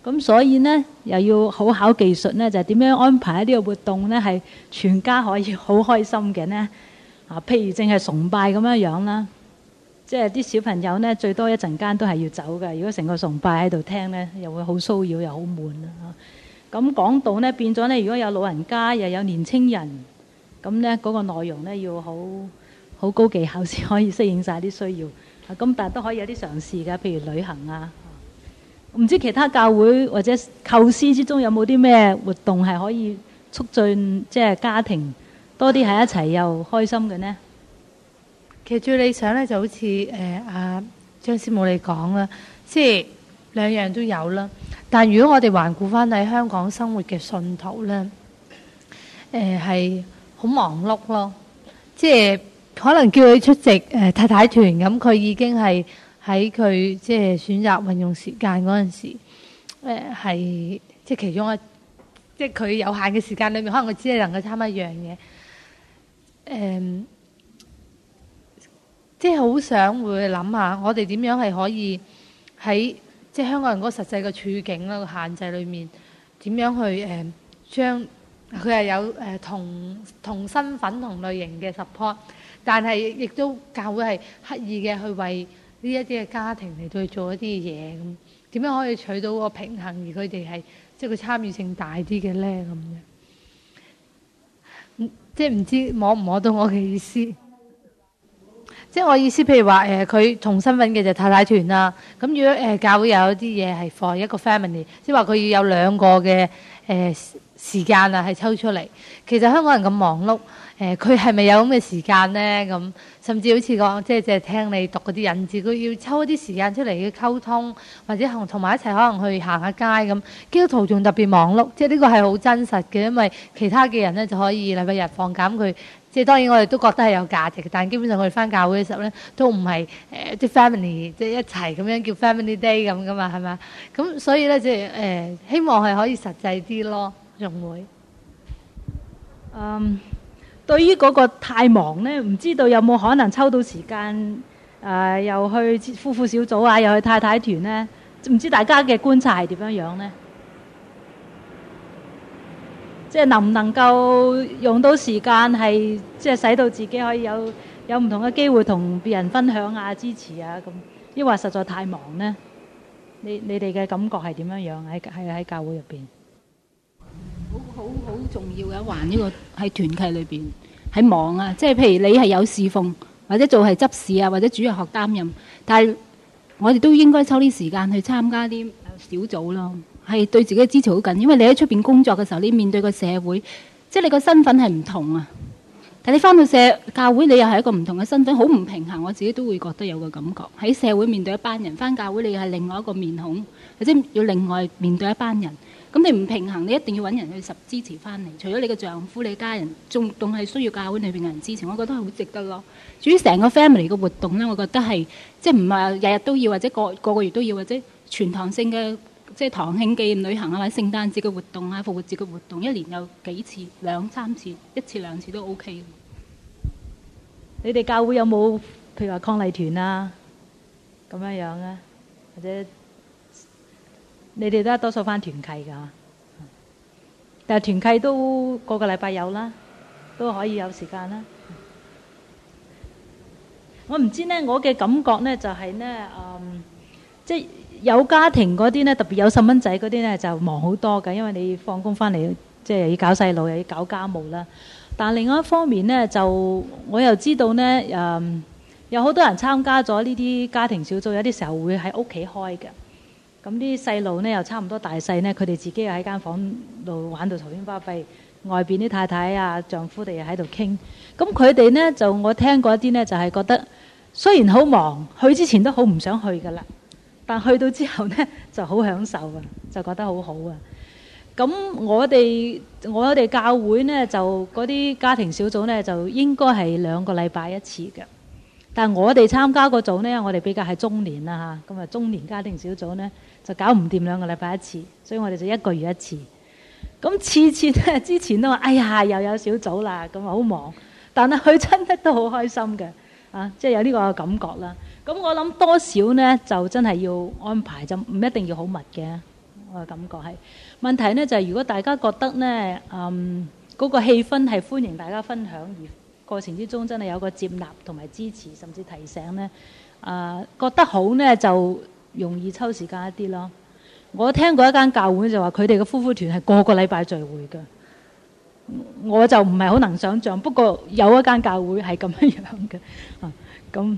咁、啊、所以呢，又要好考技術呢，就點、是、樣安排呢個活動呢？係全家可以好開心嘅呢，啊，譬如淨係崇拜咁樣樣啦。即係啲小朋友呢，最多一陣間都係要走嘅。如果成個崇拜喺度聽呢，又會好騷擾，又好悶啦、啊、咁、啊、講到呢，變咗呢，如果有老人家又有年青人，咁、嗯、呢嗰、那個內容呢，要好好高技巧先可以適應晒啲需要。咁、啊、但係都可以有啲嘗試㗎，譬如旅行啊。唔知其他教會或者構思之中有冇啲咩活動係可以促進即係、就是、家庭多啲喺一齊又開心嘅呢？其實最理想咧，就好似誒阿張師母你講啦，即係兩樣都有啦。但如果我哋環顧翻喺香港生活嘅信徒咧，誒係好忙碌咯。即係可能叫佢出席誒太太團咁，佢已經係喺佢即係選擇運用時間嗰陣時，誒係即係其中一，即係佢有限嘅時間裏面，可能佢只係能夠參一樣嘢，呃即係好想會諗下，我哋點樣係可以喺即係香港人個實際嘅處境啦、限制裡面，點樣去誒、呃、將佢係有誒、呃、同同身份同類型嘅 support，但係亦都教會係刻意嘅去為呢一啲嘅家庭嚟到做一啲嘢咁，點樣可以取到個平衡而佢哋係，而佢哋係即係個參與性大啲嘅咧咁樣，即係唔知摸唔摸到我嘅意思？即係我意思，譬如話誒，佢重新揾嘅就是太太團啦。咁、嗯、如果誒、呃、教會有一啲嘢係 for 一個 family，即係話佢要有兩個嘅誒、呃、時間啊，係抽出嚟。其實香港人咁忙碌，誒佢係咪有咁嘅時間咧？咁、嗯、甚至好似講即係即係聽你讀嗰啲引字，佢要抽一啲時間出嚟去溝通，或者同同埋一齊可能去行下街咁。基督徒仲特別忙碌，即係呢個係好真實嘅，因為其他嘅人咧就可以禮拜日放減佢。即係當然，我哋都覺得係有價值嘅，但係基本上我哋翻教會嘅時候咧，都唔係誒啲 family 即係一齊咁樣叫 family day 咁噶嘛，係咪？咁所以咧即係誒希望係可以實際啲咯，融會。嗯、um，對於嗰個太忙咧，唔知道有冇可能抽到時間啊、呃？又去夫婦小組啊，又去太太團咧，唔知大家嘅觀察係點樣樣咧？即係能唔能夠用到時間，係即係使到自己可以有有唔同嘅機會同別人分享啊、支持啊咁，抑或實在太忙呢，你你哋嘅感覺係點樣樣？喺喺喺教會入邊，好好，好重要嘅一環，呢個喺團契裏邊，喺忙啊！即係譬如你係有侍奉，或者做係執事啊，或者主日學擔任，但係我哋都應該抽啲時間去參加啲小組咯。係對自己嘅支持好緊，因為你喺出邊工作嘅時候，你面對個社會，即係你個身份係唔同啊。但係你翻到社教會，你又係一個唔同嘅身份，好唔平衡。我自己都會覺得有個感覺喺社會面對一班人，翻教會你係另外一個面孔，或者要另外面對一班人。咁你唔平衡，你一定要揾人去十支持翻你。除咗你嘅丈夫、你家人，仲仲係需要教會裏邊嘅人支持。我覺得係好值得咯。至於成個 family 嘅活動呢，我覺得係即係唔係日日都要，或者個個月都要，或者全堂性嘅。即係堂慶記旅行啊，或者聖誕節嘅活動啊，復活節嘅活動，一年有幾次，兩三次，一次兩次都 OK。你哋教會有冇譬如話抗議團啊咁樣樣啊？或者你哋都係多數返團契㗎？但係團契都個個禮拜有啦，都可以有時間啦。我唔知呢，我嘅感覺呢，就係呢。嗯，即係。有家庭嗰啲呢，特別有細蚊仔嗰啲呢，就忙好多嘅，因為你放工翻嚟，即係又要搞細路，又要搞家務啦。但另外一方面呢，就我又知道呢，誒、嗯，有好多人參加咗呢啲家庭小組，有啲時候會喺屋企開嘅。咁啲細路呢，又差唔多大細呢，佢哋自己又喺間房度玩到嘈喧巴閉，外邊啲太太啊、丈夫哋又喺度傾。咁佢哋呢，就我聽過一啲呢，就係覺得雖然好忙，去之前都好唔想去噶啦。但去到之後呢，就好享受啊，就覺得好好啊。咁我哋我哋教會呢，就嗰啲家庭小組呢，就應該係兩個禮拜一次嘅。但我哋參加個組呢，我哋比較係中年啦、啊、嚇，咁啊中年家庭小組呢，就搞唔掂兩個禮拜一次，所以我哋就一個月一次。咁次次呢，之前都話：哎呀，又有小組啦，咁啊好忙。但係去親得都好開心嘅，啊，即係有呢個有感覺啦。咁我諗多少呢？就真係要安排，就唔一定要好密嘅。我嘅感覺係問題呢，就係如果大家覺得呢，嗯，嗰個氣氛係歡迎大家分享，而過程之中真係有個接納同埋支持，甚至提醒呢，啊，覺得好呢，就容易抽時間一啲咯。我聽過一間教會就話佢哋嘅夫婦團係個個禮拜聚會嘅，我就唔係好能想象。不過有一間教會係咁樣嘅咁。啊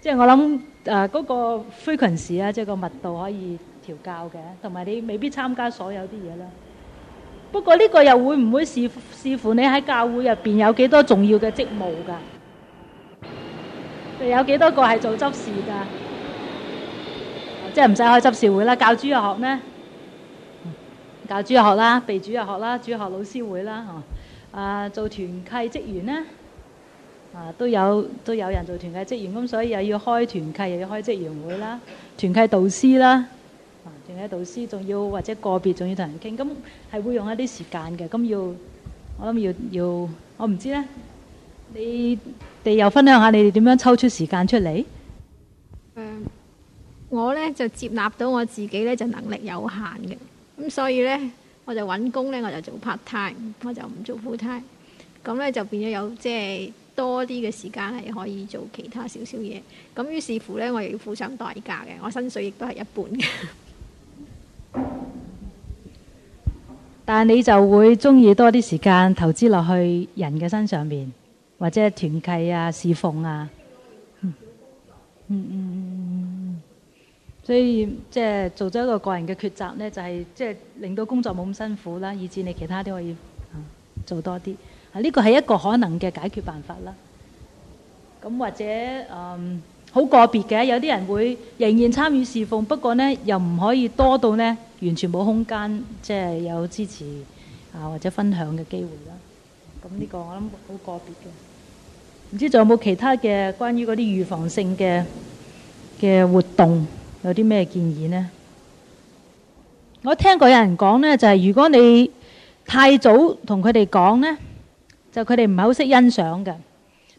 即、就、係、是、我諗，誒、啊、嗰、那個 frequency 啊，即個密度可以調教嘅，同埋你未必參加所有啲嘢啦。不過呢個又會唔會視乎視乎你喺教會入邊有幾多重要嘅職務㗎？有幾多個係做執事㗎？即係唔使開執事會啦，教主日學咩？教主日學啦，備、嗯、主日學啦，主日學老師會啦，啊,啊做團契職員啦。啊，都有都有人做團契職員，咁所以又要開團契，又要開職員會啦，團契導師啦，啊，團契導師，仲要或者個別，仲要同人傾，咁係會用一啲時間嘅，咁要我諗要要，我唔知呢，你哋又分享下你哋點樣抽出時間出嚟？誒，我呢就接納到我自己呢就能力有限嘅，咁所以呢我就揾工呢我就做 part time，我就唔做 full time，咁呢就變咗有即係。多啲嘅時間係可以做其他少少嘢，咁於是乎呢，我亦要付上代價嘅，我薪水亦都係一半嘅。但係你就會中意多啲時間投資落去人嘅身上面，或者團契啊、侍奉啊。嗯嗯所以即係，就是，做咗一個個人嘅抉擇呢，就係即係令到工作冇咁辛苦啦，以至你其他都可以，嗯、做多啲。啊！呢個係一個可能嘅解決辦法啦。咁或者誒好個別嘅，有啲人會仍然參與侍奉，不過呢又唔可以多到呢完全冇空間，即係有支持啊或者分享嘅機會啦。咁呢個我諗好個別嘅。唔知仲有冇其他嘅關於嗰啲預防性嘅嘅活動有啲咩建議呢？我聽過有人講呢，就係如果你太早同佢哋講呢。就佢哋唔係好識欣賞嘅，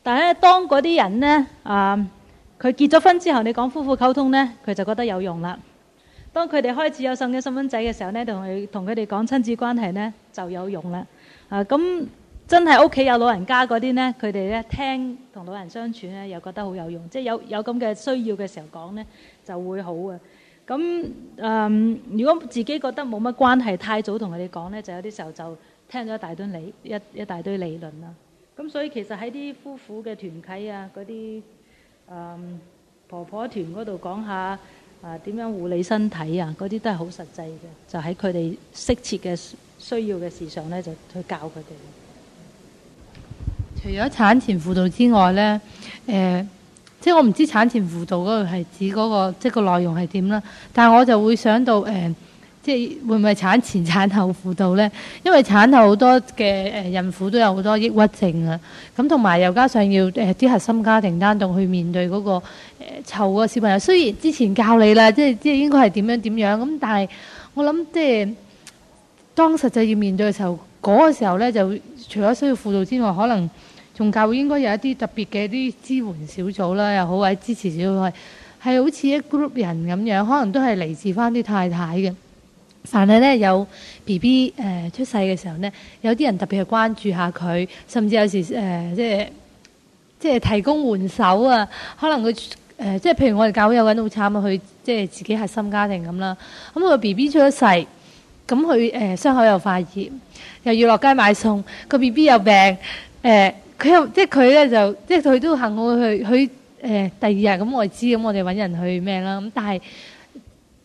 但係咧，當嗰啲人咧，啊，佢結咗婚之後，你講夫婦溝通咧，佢就覺得有用啦。當佢哋開始有生咗細蚊仔嘅時候咧，同佢同佢哋講親子關係咧就有用啦。啊，咁真係屋企有老人家嗰啲咧，佢哋咧聽同老人相處咧又覺得好有用，即係有有咁嘅需要嘅時候講咧就會好啊。咁啊，如果自己覺得冇乜關係，太早同佢哋講咧，就有啲時候就。聽咗一大堆理一一大堆理論啦，咁所以其實喺啲夫婦嘅團契啊，嗰啲誒婆婆團嗰度講下啊點樣護理身體啊，嗰啲都係好實際嘅，就喺佢哋適切嘅需要嘅事上咧，就去教佢哋。除咗產前輔導之外咧，誒、呃，即係我唔知產前輔導嗰、嗰個係指嗰個即係個內容係點啦，但係我就會想到誒。呃即係會唔會產前、產後輔導呢？因為產後好多嘅誒孕婦都有好多抑鬱症啊。咁同埋又加上要誒啲、呃、核心家庭單獨去面對嗰、那個誒湊、呃、小朋友。雖然之前教你啦，即係即係應該係點樣點樣咁，但係我諗即係當實際要面對嘅時候，嗰、那個時候呢，就除咗需要輔導之外，可能仲教會應該有一啲特別嘅啲支援小組啦，又好或者支持小組係好似一 group 人咁樣，可能都係嚟自翻啲太太嘅。凡係咧有 B B 誒出世嘅時候咧，有啲人特別係關注下佢，甚至有時誒、呃、即係即係提供援手啊。可能佢、呃、即係譬如我哋教會有個人都好慘啊，佢即係自己核心家庭咁啦。咁、嗯、佢 B B 出咗世，咁佢誒傷口又發炎，又要落街買餸。個 B B 又病誒，佢、呃、又即係佢咧就即係佢都行過去，佢誒、呃、第二日咁我哋知，咁我哋揾人去咩啦？咁但係。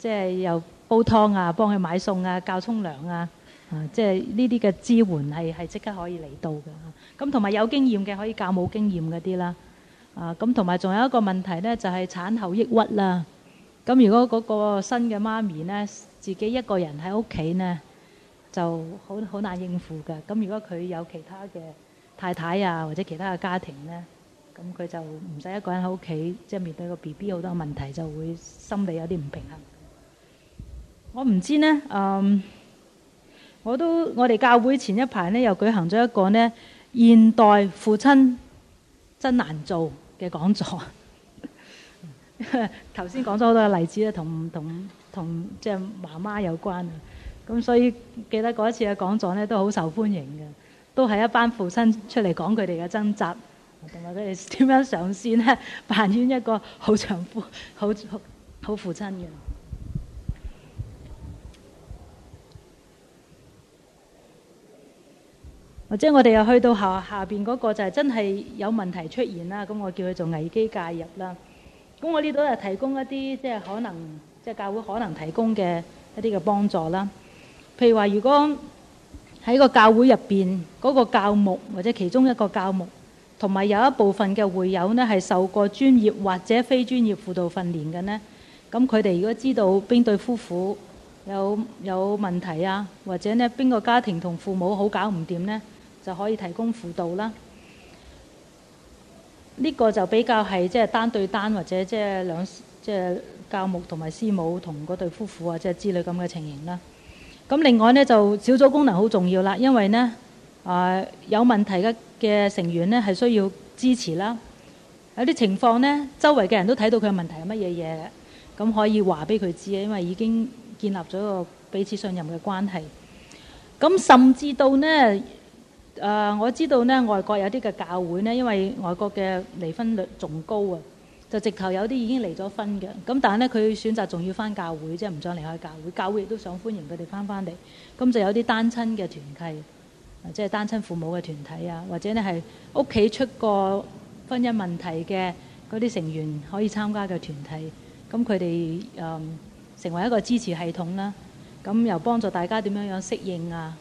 即係又煲湯啊，幫佢買餸啊，教沖涼啊，啊，即係呢啲嘅支援係係即刻可以嚟到嘅。咁同埋有經驗嘅可以教冇經驗嗰啲啦。啊，咁同埋仲有一個問題呢，就係產後抑鬱啦。咁如果嗰個新嘅媽咪呢，自己一個人喺屋企呢，就好好難應付㗎。咁如果佢有其他嘅太太啊，或者其他嘅家庭呢，咁佢就唔使一個人喺屋企，即係面對個 BB 好多問題，就會心理有啲唔平衡。我唔知呢，嗯，我都我哋教會前一排呢，又舉行咗一個呢，現代父親真難做嘅講座。頭 先講咗好多嘅例子咧，同同同即係媽媽有關啊。咁所以記得嗰一次嘅講座呢，都好受歡迎嘅，都係一班父親出嚟講佢哋嘅掙扎，同埋佢哋點樣上先咧扮演一個好丈夫、好好父親嘅。或者我哋又去到下下邊個就係真係有問題出現啦，咁我叫佢做危機介入啦。咁我呢度又提供一啲即係可能即係教會可能提供嘅一啲嘅幫助啦。譬如話，如果喺個教會入邊嗰個教牧或者其中一個教牧，同埋有一部分嘅會友咧係受過專業或者非專業輔導訓練嘅咧，咁佢哋如果知道邊對夫婦有有問題啊，或者咧邊個家庭同父母好搞唔掂咧？就可以提供輔導啦。呢、這個就比較係即係單對單或者即係兩即係、就是、教牧同埋師母同嗰對夫婦啊，即係之類咁嘅情形啦。咁另外呢，就小組功能好重要啦，因為呢，啊、呃、有問題嘅嘅成員呢係需要支持啦。有啲情況呢，周圍嘅人都睇到佢問題係乜嘢嘢，咁可以話俾佢知啊，因為已經建立咗個彼此信任嘅關係。咁甚至到呢。誒、呃、我知道咧，外國有啲嘅教會咧，因為外國嘅離婚率仲高啊，就直頭有啲已經離咗婚嘅，咁但係咧佢選擇仲要返教會，即係唔想離開教會，教會亦都想歡迎佢哋返返嚟。咁就有啲單親嘅團契，即係單親父母嘅團體啊，或者咧係屋企出過婚姻問題嘅嗰啲成員可以參加嘅團體，咁佢哋誒成為一個支持系統啦，咁又幫助大家點樣樣適應啊。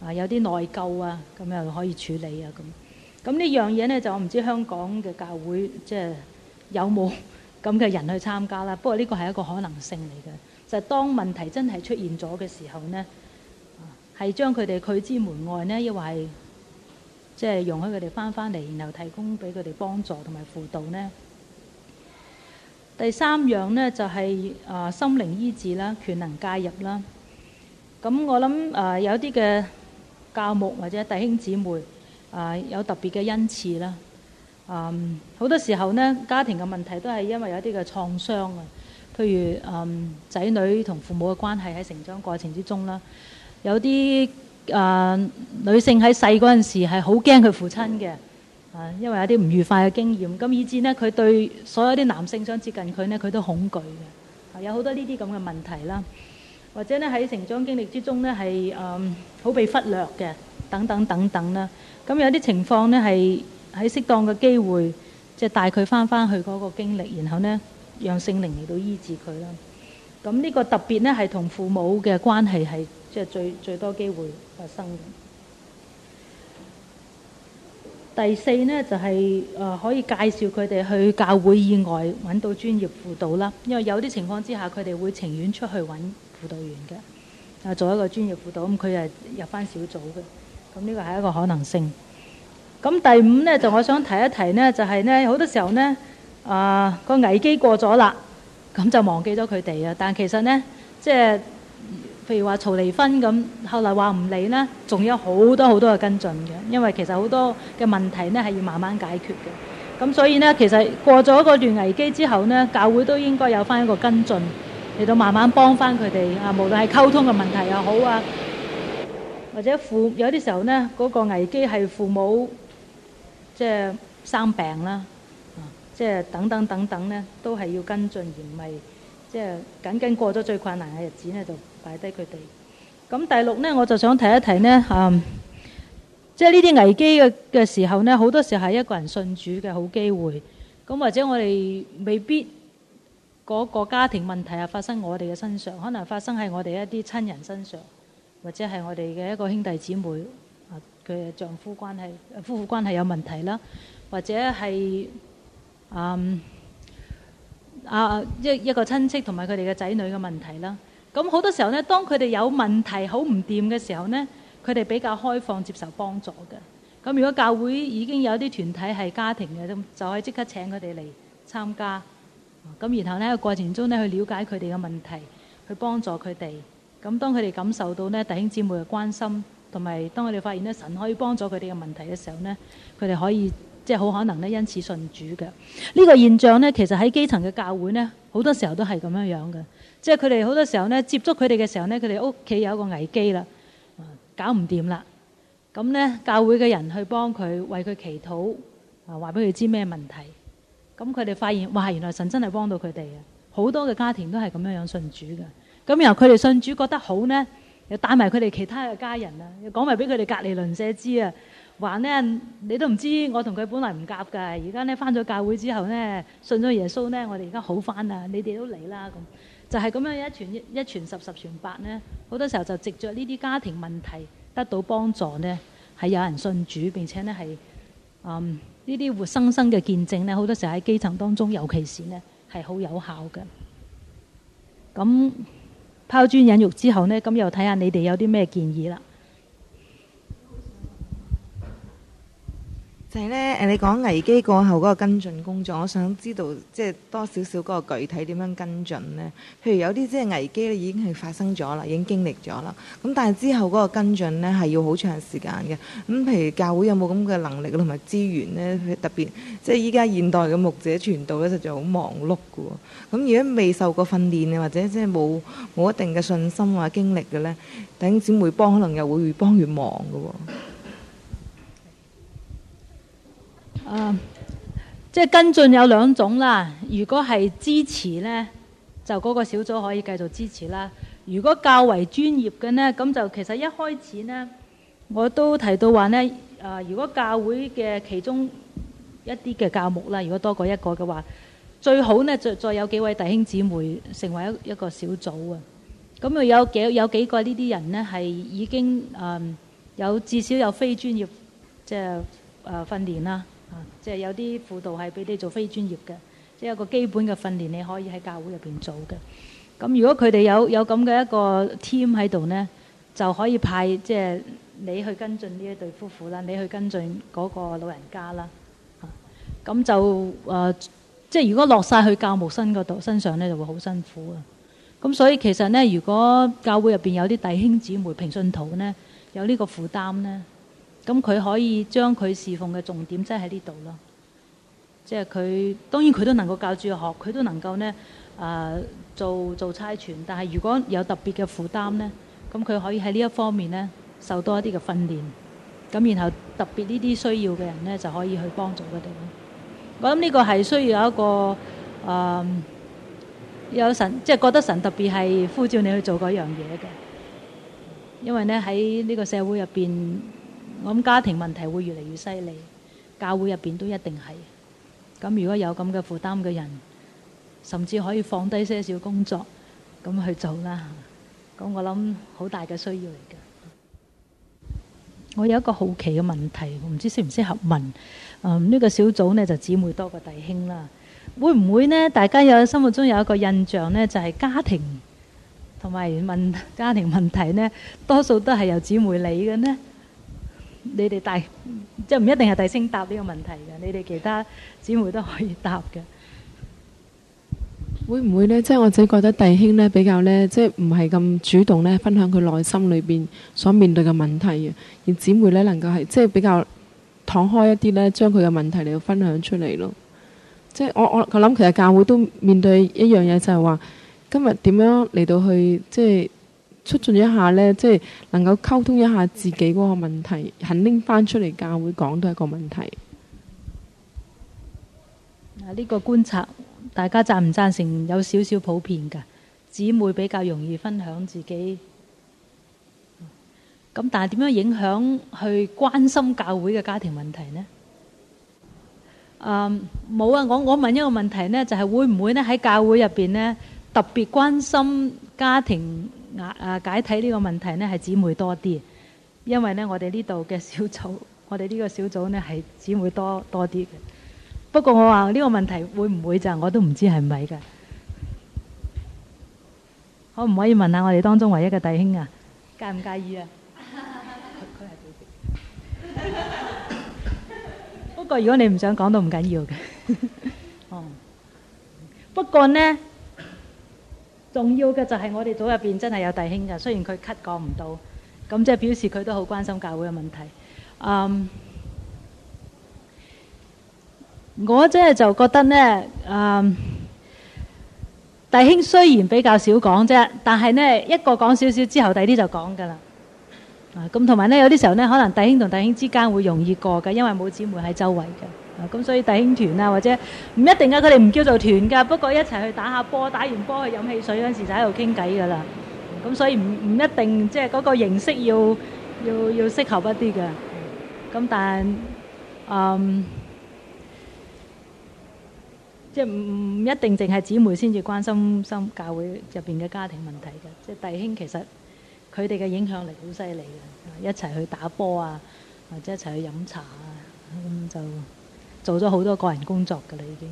啊！有啲內疚啊，咁又可以處理啊，咁咁呢樣嘢呢，就我唔知香港嘅教會即係、就是、有冇咁嘅人去參加啦。不過呢個係一個可能性嚟嘅。就係、當問題真係出現咗嘅時候呢，係將佢哋拒之門外呢，抑或係即係容許佢哋翻翻嚟，然後提供俾佢哋幫助同埋輔導呢。第三樣呢，就係、是、啊，心靈醫治啦，權能介入啦。咁、啊、我諗啊，有啲嘅。教牧或者弟兄姊妹啊，有特別嘅恩賜啦。嗯，好多時候呢，家庭嘅問題都係因為有啲嘅創傷啊。譬如嗯，仔女同父母嘅關係喺成長過程之中啦，有啲啊、呃、女性喺細嗰陣時係好驚佢父親嘅啊，因為有啲唔愉快嘅經驗，咁以至呢，佢對所有啲男性想接近佢呢，佢都恐懼嘅。有好多呢啲咁嘅問題啦。或者呢，喺成長經歷之中呢，係誒好被忽略嘅，等等等等啦。咁有啲情況呢，係喺適當嘅機會，即係帶佢翻翻去嗰個經歷，然後呢，讓聖靈嚟到醫治佢啦。咁呢個特別呢，係同父母嘅關係係即係最最多機會發生嘅。第四呢，就係誒可以介紹佢哋去教會以外揾到專業輔導啦，因為有啲情況之下佢哋會情願出去揾。輔導員嘅，啊，做一個專業輔導，咁佢係入翻小組嘅，咁呢個係一個可能性。咁第五呢，就我想提一提呢，就係、是、呢好多時候呢啊個、呃、危機過咗啦，咁、嗯、就忘記咗佢哋啊。但其實呢，即係譬如話嘈離婚咁，後來話唔離呢，仲有好多好多嘅跟進嘅，因為其實好多嘅問題呢係要慢慢解決嘅。咁、嗯、所以呢，其實過咗個段危機之後呢，教會都應該有翻一個跟進。嚟到慢慢幫返佢哋啊！無論係溝通嘅問題又好啊，或者父有啲時候呢，嗰個危機係父母即係生病啦，啊，即係等等等等呢，都係要跟進，而唔係即係僅僅過咗最困難嘅日子呢，就擺低佢哋。咁第六呢，我就想提一提呢，啊，即係呢啲危機嘅嘅時候呢，好多時係一個人信主嘅好機會。咁或者我哋未必。嗰個家庭問題啊，發生喺我哋嘅身上，可能發生喺我哋一啲親人身上，或者係我哋嘅一個兄弟姊妹啊，佢嘅丈夫關係、夫婦關係有問題啦，或者係啊一一個親戚同埋佢哋嘅仔女嘅問題啦。咁好多時候呢，當佢哋有問題好唔掂嘅時候呢，佢哋比較開放接受幫助嘅。咁如果教會已經有一啲團體係家庭嘅，咁就可以即刻請佢哋嚟參加。咁然後呢喺過程中呢，去了解佢哋嘅問題，去幫助佢哋。咁當佢哋感受到呢弟兄姊妹嘅關心，同埋當佢哋發現呢神可以幫助佢哋嘅問題嘅時候呢，佢哋可以即係好可能呢因此信主嘅呢個現象呢，其實喺基層嘅教會呢，好多時候都係咁樣樣嘅。即係佢哋好多時候呢，接觸佢哋嘅時候呢，佢哋屋企有一個危機啦，搞唔掂啦。咁呢，教會嘅人去幫佢為佢祈禱，話俾佢知咩問題。咁佢哋發現，哇！原來神真係幫到佢哋啊！好多嘅家庭都係咁樣信主嘅。咁由佢哋信主覺得好呢，又帶埋佢哋其他嘅家人啊，又講埋俾佢哋隔離鄰舍知啊。話呢，你都唔知我同佢本來唔夾㗎，而家呢，翻咗教會之後呢，信咗耶穌呢，我哋而家好翻啦。你哋都嚟啦咁，就係咁樣一傳一傳十十傳百呢。好多時候就藉着呢啲家庭問題得到幫助呢，係有人信主並且呢係嗯。呢啲活生生嘅見證好多時喺基層當中，尤其是咧係好有效嘅。咁拋磚引玉之後咧，咁又睇下你哋有啲咩建議啦。就係咧，誒你講危機過後嗰個跟進工作，我想知道即係多少少嗰個具體點樣跟進呢？譬如有啲即係危機已經係發生咗啦，已經經歷咗啦。咁但係之後嗰個跟進呢，係要好長時間嘅。咁譬如教會有冇咁嘅能力同埋資源呢？特別即係依家現代嘅牧者傳道咧，實在好忙碌㗎喎。咁如果未受過訓練或者即係冇冇一定嘅信心或經歷嘅呢，等姊妹幫，可能又會越幫越忙㗎喎。誒、uh，即係跟進有兩種啦。如果係支持呢，就嗰個小組可以繼續支持啦。如果較為專業嘅呢，咁就其實一開始呢，我都提到話呢，誒、呃，如果教會嘅其中一啲嘅教牧啦，如果多過一個嘅話，最好呢，再再有幾位弟兄姊妹成為一一個小組啊。咁又有幾有幾個呢啲人呢，係已經誒、呃、有至少有非專業即係誒、呃、訓練啦。啊、即係有啲輔導係俾你做非專業嘅，即係一個基本嘅訓練，你可以喺教會入邊做嘅。咁如果佢哋有有咁嘅一個 team 喺度呢，就可以派即係你去跟進呢一對夫婦啦，你去跟進嗰個老人家啦。咁、啊、就誒、啊，即係如果落晒去教牧身嗰度身上咧，就會好辛苦啊。咁所以其實呢，如果教會入邊有啲弟兄姊妹平信徒呢，有呢個負擔呢。咁佢可以將佢侍奉嘅重點即係喺呢度咯，即係佢當然佢都能夠教主日學，佢都能夠呢啊、呃、做做差傳。但係如果有特別嘅負擔呢，咁佢可以喺呢一方面呢受多一啲嘅訓練。咁然後特別呢啲需要嘅人呢，就可以去幫助佢哋。我諗呢個係需要有一個啊、呃、有神，即係覺得神特別係呼召你去做嗰樣嘢嘅，因為呢喺呢個社會入邊。我諗家庭問題會越嚟越犀利，教會入邊都一定係。咁如果有咁嘅負擔嘅人，甚至可以放低些少工作，咁去做啦。咁我諗好大嘅需要嚟嘅。我有一個好奇嘅問題，我唔知適唔適合問？誒，呢個小組咧就姊妹多過弟兄啦，會唔會咧？大家有心目中有一個印象咧，就係家庭同埋問家庭問題咧，多數都係由姊妹理嘅咧？你哋大即係唔一定係弟兄答呢個問題嘅，你哋其他姊妹都可以答嘅。會唔會咧？即係我自己覺得弟兄咧比較咧，即係唔係咁主動咧，分享佢內心裏邊所面對嘅問題啊。而姊妹咧能夠係即係比較敞開一啲咧，將佢嘅問題嚟到分享出嚟咯。即係我我我諗其實教會都面對一樣嘢就係話，今日點樣嚟到去即係。促進一下咧，即係能夠溝通一下自己嗰個問題，肯拎翻出嚟，教會講都係一個問題。啊，呢個觀察大家贊唔贊成？有少少普遍嘅。姊妹比較容易分享自己。咁但係點樣影響去關心教會嘅家庭問題呢？啊，冇啊！我我問一個問題咧，就係會唔會咧喺教會入邊咧特別關心家庭？啊，啊解體呢個問題呢，係姊妹多啲，因為呢，我哋呢度嘅小組，我哋呢個小組呢，係姊妹多多啲。不過我話呢個問題會唔會就我都唔知係唔係㗎，可唔可以問下我哋當中唯一嘅弟兄啊？介唔介意啊？ 不過如果你唔想講都唔緊要嘅。 oh. 不過呢。重要嘅就係我哋組入邊真係有弟兄噶，雖然佢 cut 過唔到，咁即係表示佢都好關心教會嘅問題。嗯，我即係就覺得咧，嗯，弟兄雖然比較少講啫，但係咧一個講少少之後，第啲就講噶啦。啊，咁同埋咧有啲時候咧，可能弟兄同弟兄之間會容易過嘅，因為冇姊妹喺周圍嘅。啊！咁所以弟兄團啊，或者唔一定啊，佢哋唔叫做團㗎。不過一齊去打下波，打完波去飲汽水嗰陣時就喺度傾偈㗎啦。咁所以唔唔一定，即係嗰個形式要要要適合一啲嘅。咁但係，嗯，即係唔唔一定，淨係姊妹先至關心心教會入邊嘅家庭問題嘅。即係弟兄其實佢哋嘅影響力好犀利嘅。一齊去打波啊，或者一齊去飲茶啊，咁就～做咗好多個人工作噶啦，已經。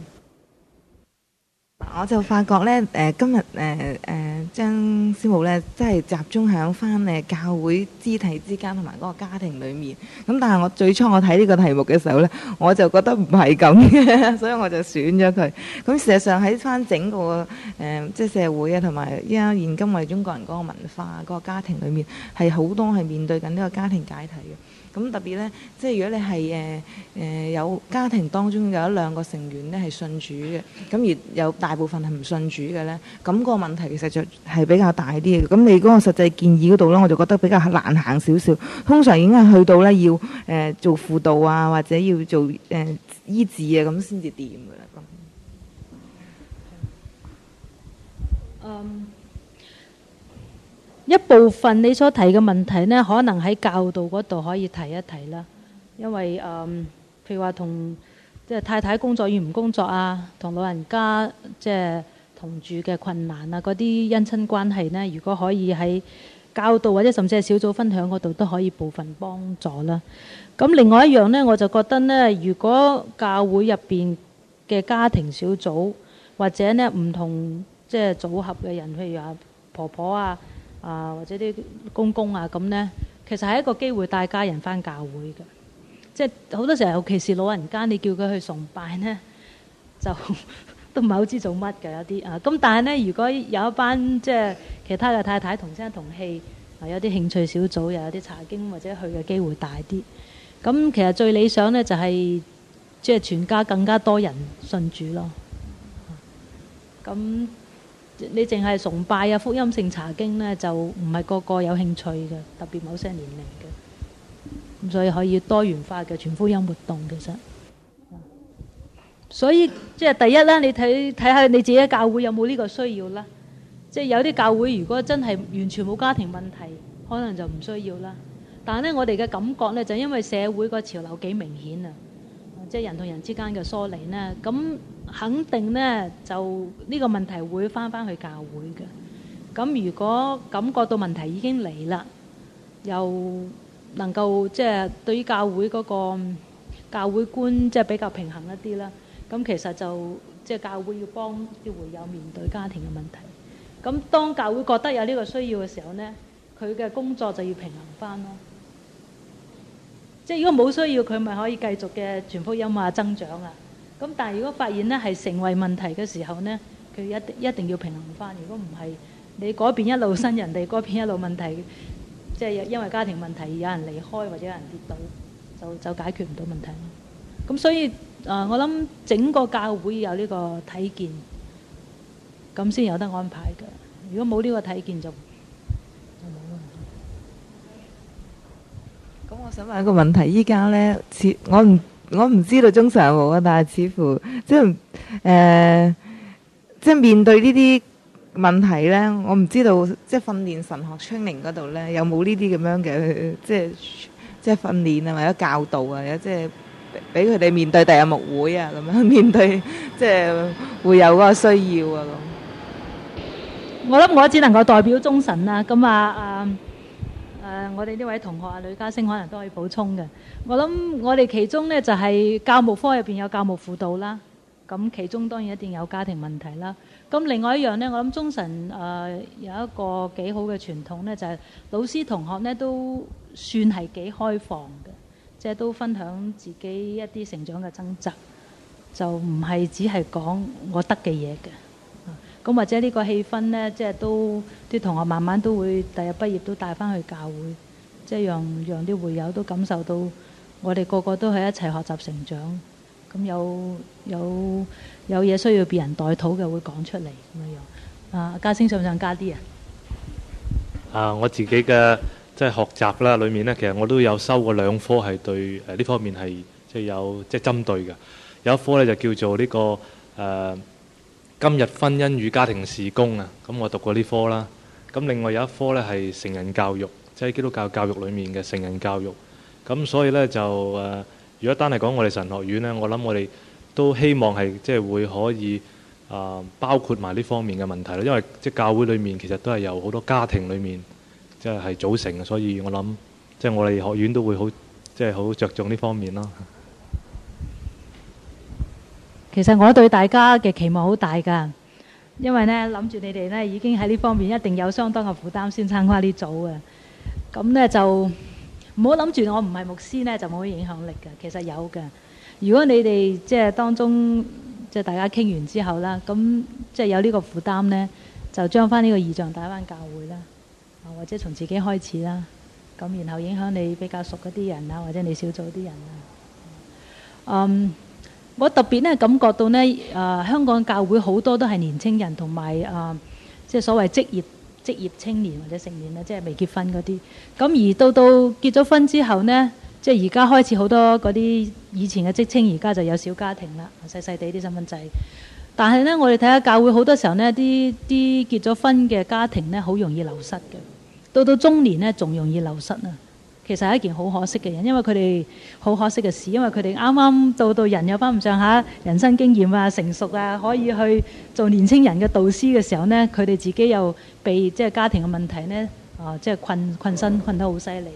我就發覺呢。誒、呃、今日誒誒張師母呢，真係集中喺翻誒教會肢體之間同埋嗰個家庭裏面。咁但係我最初我睇呢個題目嘅時候呢，我就覺得唔係咁嘅，所以我就選咗佢。咁事實上喺翻整個誒即係社會啊，同埋依家現今我哋中國人嗰個文化、嗰、嗰個家庭裏面，係好多係面對緊呢個家庭解體嘅。咁特別咧，即係如果你係誒誒有家庭當中有一兩個成員咧係信主嘅，咁而有大部分係唔信主嘅咧，咁個問題其實就係比較大啲嘅。咁你嗰個實際建議嗰度咧，我就覺得比較難行少少。通常已經係去到咧要誒、呃、做輔導啊，或者要做誒、呃、醫治啊，咁先至掂㗎。一部分你所提嘅問題呢，可能喺教導嗰度可以提一提啦，因為誒、嗯，譬如話同即係太太工作與唔工作啊，同老人家即係同住嘅困難啊，嗰啲姻親關係呢，如果可以喺教導或者甚至係小組分享嗰度都可以部分幫助啦。咁另外一樣呢，我就覺得呢，如果教會入邊嘅家庭小組或者呢唔同即係組合嘅人，譬如話婆婆啊。啊，或者啲公公啊咁呢，其實係一個機會帶家人返教會嘅，即係好多時候，尤其是老人家，你叫佢去崇拜呢，就呵呵都唔係好知做乜嘅有啲啊。咁但係呢，如果有一班即係其他嘅太太同聲同氣，啊、有啲興趣小組，又有啲查經或者去嘅機會大啲。咁、嗯、其實最理想呢、就係，就係即係全家更加多人信主咯。咁、嗯。嗯嗯你淨係崇拜啊《福音聖查經》呢，就唔係個個有興趣嘅，特別某些年齡嘅，咁所以可以多元化嘅傳福音活動。其實，所以即係第一啦，你睇睇下你自己嘅教會有冇呢個需要啦。即係有啲教會如果真係完全冇家庭問題，可能就唔需要啦。但係呢，我哋嘅感覺呢，就因為社會個潮流幾明顯啊。即係人同人之間嘅疏離呢，咁肯定呢，就呢個問題會翻翻去教會嘅。咁如果感覺到問題已經嚟啦，又能夠即係、就是、對於教會嗰個教會觀即係、就是、比較平衡一啲啦，咁其實就即係、就是、教會要幫啲會友面對家庭嘅問題。咁當教會覺得有呢個需要嘅時候呢，佢嘅工作就要平衡翻咯。即係如果冇需要佢咪可以繼續嘅全福音嘅增長啊！咁但係如果發現呢係成為問題嘅時候呢，佢一定一定要平衡翻。如果唔係，你嗰邊一路新人哋嗰邊一路問題，即係因為家庭問題有人離開或者有人跌倒，就就解決唔到問題。咁所以啊，呃，我諗整個教會有呢個睇見，咁先有得安排嘅。如果冇呢個睇見就～咁我想問一個問題，依家咧，似我唔我唔知道中神有冇啊，但係似乎即係，誒，即係面對呢啲問題咧，我唔知道，即係訓練神學青年嗰度咧，有冇呢啲咁樣嘅，即係即係訓練啊，或者教導啊，或者即係俾佢哋面對第日牧會啊，咁樣面對，即係會有嗰個需要啊咁。我諗我只能夠代表中神啦，咁啊啊。誒、uh，我哋呢位同學啊，呂家升可能都可以補充嘅。我諗我哋其中呢，就係、是、教務科入邊有教務輔導啦，咁其中當然一定有家庭問題啦。咁另外一樣呢，我諗中神誒、呃、有一個幾好嘅傳統呢，就係、是、老師同學呢都算係幾開放嘅，即、就、係、是、都分享自己一啲成長嘅掙扎，就唔係只係講我得嘅嘢嘅。咁或者呢個氣氛呢，即係都啲同學慢慢都會第日畢業都帶翻去教會，即係讓讓啲會友都感受到我哋個個都係一齊學習成長。咁有有有嘢需要別人代禱嘅會講出嚟咁樣。啊，家聲上唔上加啲啊？啊，我自己嘅即係學習啦，裏面呢，其實我都有修過兩科係對誒呢、啊、方面係即係有即係、就是、針對嘅。有一科咧就叫做呢、這個誒。啊今日婚姻與家庭事工啊，咁我讀過呢科啦。咁另外有一科呢，係成人教育，即係基督教教育裡面嘅成人教育。咁所以呢，就誒，如果單係講我哋神學院呢，我諗我哋都希望係即係會可以啊，包括埋呢方面嘅問題咯。因為即係教會裡面其實都係由好多家庭裡面即係係組成，所以我諗即係我哋學院都會好即係好着重呢方面咯。其實我對大家嘅期望好大噶，因為呢，諗住你哋呢已經喺呢方面一定有相當嘅負擔先參加呢組啊。咁、嗯、呢，就唔好諗住我唔係牧師呢，就冇影響力噶。其實有嘅。如果你哋即係當中即係大家傾完之後啦，咁、嗯、即係有呢個負擔呢，就將翻呢個異象帶翻教會啦，或者從自己開始啦，咁然後影響你比較熟嗰啲人啊，或者你小組啲人啊，嗯。我特別咧感覺到呢，呃、香港教會好多都係年青人同埋、呃、即係所謂職業、職業青年或者成年，即係未結婚嗰啲。咁而到到結咗婚之後呢，即係而家開始好多嗰啲以前嘅職青，而家就有小家庭啦，細細哋啲細蚊仔。但係呢，我哋睇下教會好多時候呢，啲啲結咗婚嘅家庭呢，好容易流失嘅。到到中年呢，仲容易流失啊！其實係一件好可惜嘅嘢，因為佢哋好可惜嘅事，因為佢哋啱啱到到人又翻唔上下，人生經驗啊、成熟啊，可以去做年青人嘅導師嘅時候呢，佢哋自己又被即係家庭嘅問題呢，啊，即係困困身困得好犀利。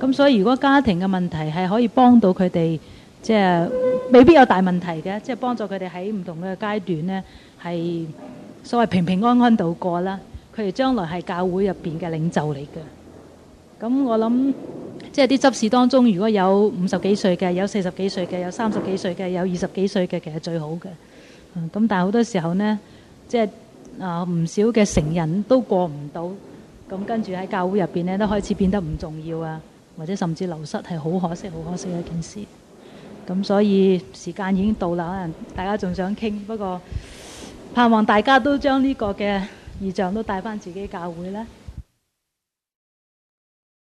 咁所以如果家庭嘅問題係可以幫到佢哋，即係未必有大問題嘅，即係幫助佢哋喺唔同嘅階段呢，係所謂平平安安度過啦。佢哋將來係教會入邊嘅領袖嚟嘅。咁我諗。即係啲執事當中，如果有五十幾歲嘅，有四十幾歲嘅，有三十幾歲嘅，有二十幾歲嘅，其實最好嘅。咁、嗯、但係好多時候呢，即係啊唔少嘅成人都過唔到，咁、嗯、跟住喺教會入邊呢，都開始變得唔重要啊，或者甚至流失係好可惜、好可惜嘅一件事。咁、嗯、所以時間已經到啦，可能大家仲想傾，不過盼望大家都將呢個嘅異象都帶翻自己教會咧。